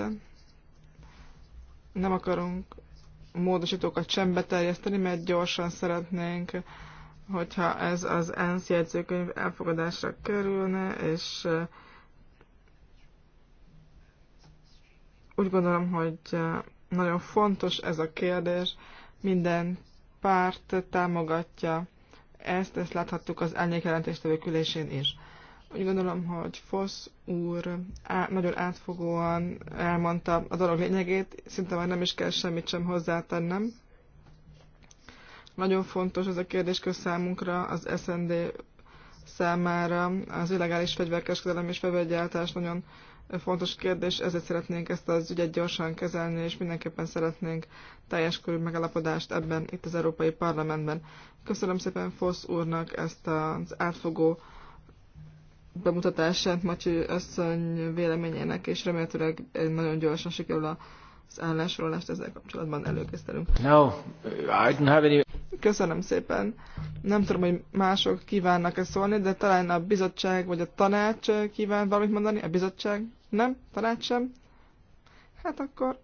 nem akarunk módosítókat sem beterjeszteni, mert gyorsan szeretnénk, hogyha ez az ENSZ jegyzőkönyv elfogadásra kerülne, és eh, úgy gondolom, hogy eh, nagyon fontos ez a kérdés. Minden párt támogatja ezt, ezt láthattuk az elnyékjelentéstevő külésén is. Úgy gondolom, hogy Fosz úr á, nagyon átfogóan elmondta a dolog lényegét, szinte már nem is kell semmit sem hozzátennem. Nagyon fontos ez a kérdés számunkra, az SND számára az illegális fegyverkeskedelem és fegyvergyártás nagyon fontos kérdés, ezért szeretnénk ezt az ügyet gyorsan kezelni, és mindenképpen szeretnénk teljes körű megállapodást ebben itt az Európai Parlamentben. Köszönöm szépen Fosz úrnak ezt az átfogó bemutatását Macsi asszony véleményének, és remélhetőleg nagyon gyorsan sikerül az állásrólást ezzel kapcsolatban előkészítenünk. No, I don't have any... Köszönöm szépen. Nem tudom, hogy mások kívánnak-e szólni, de talán a bizottság vagy a tanács kíván valamit mondani. A bizottság nem, tanács sem. Hát akkor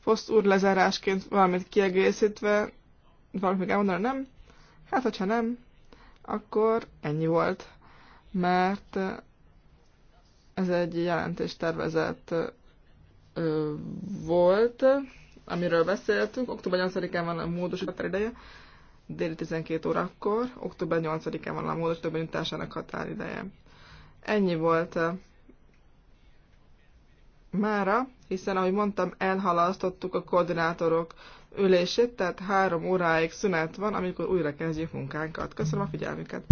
Foszt úr lezárásként valamit kiegészítve, valamit még elmondani, nem? Hát, hogyha nem, akkor ennyi volt, mert ez egy jelentéstervezet volt, amiről beszéltünk. Október 8-án van a módosítás ideje, déli 12 órakor, október 8-án van a módosítás benyújtásának határideje. Ennyi volt mára, hiszen ahogy mondtam, elhalasztottuk a koordinátorok ülését, tehát három óráig szünet van, amikor újra kezdjük munkánkat. Köszönöm a figyelmüket!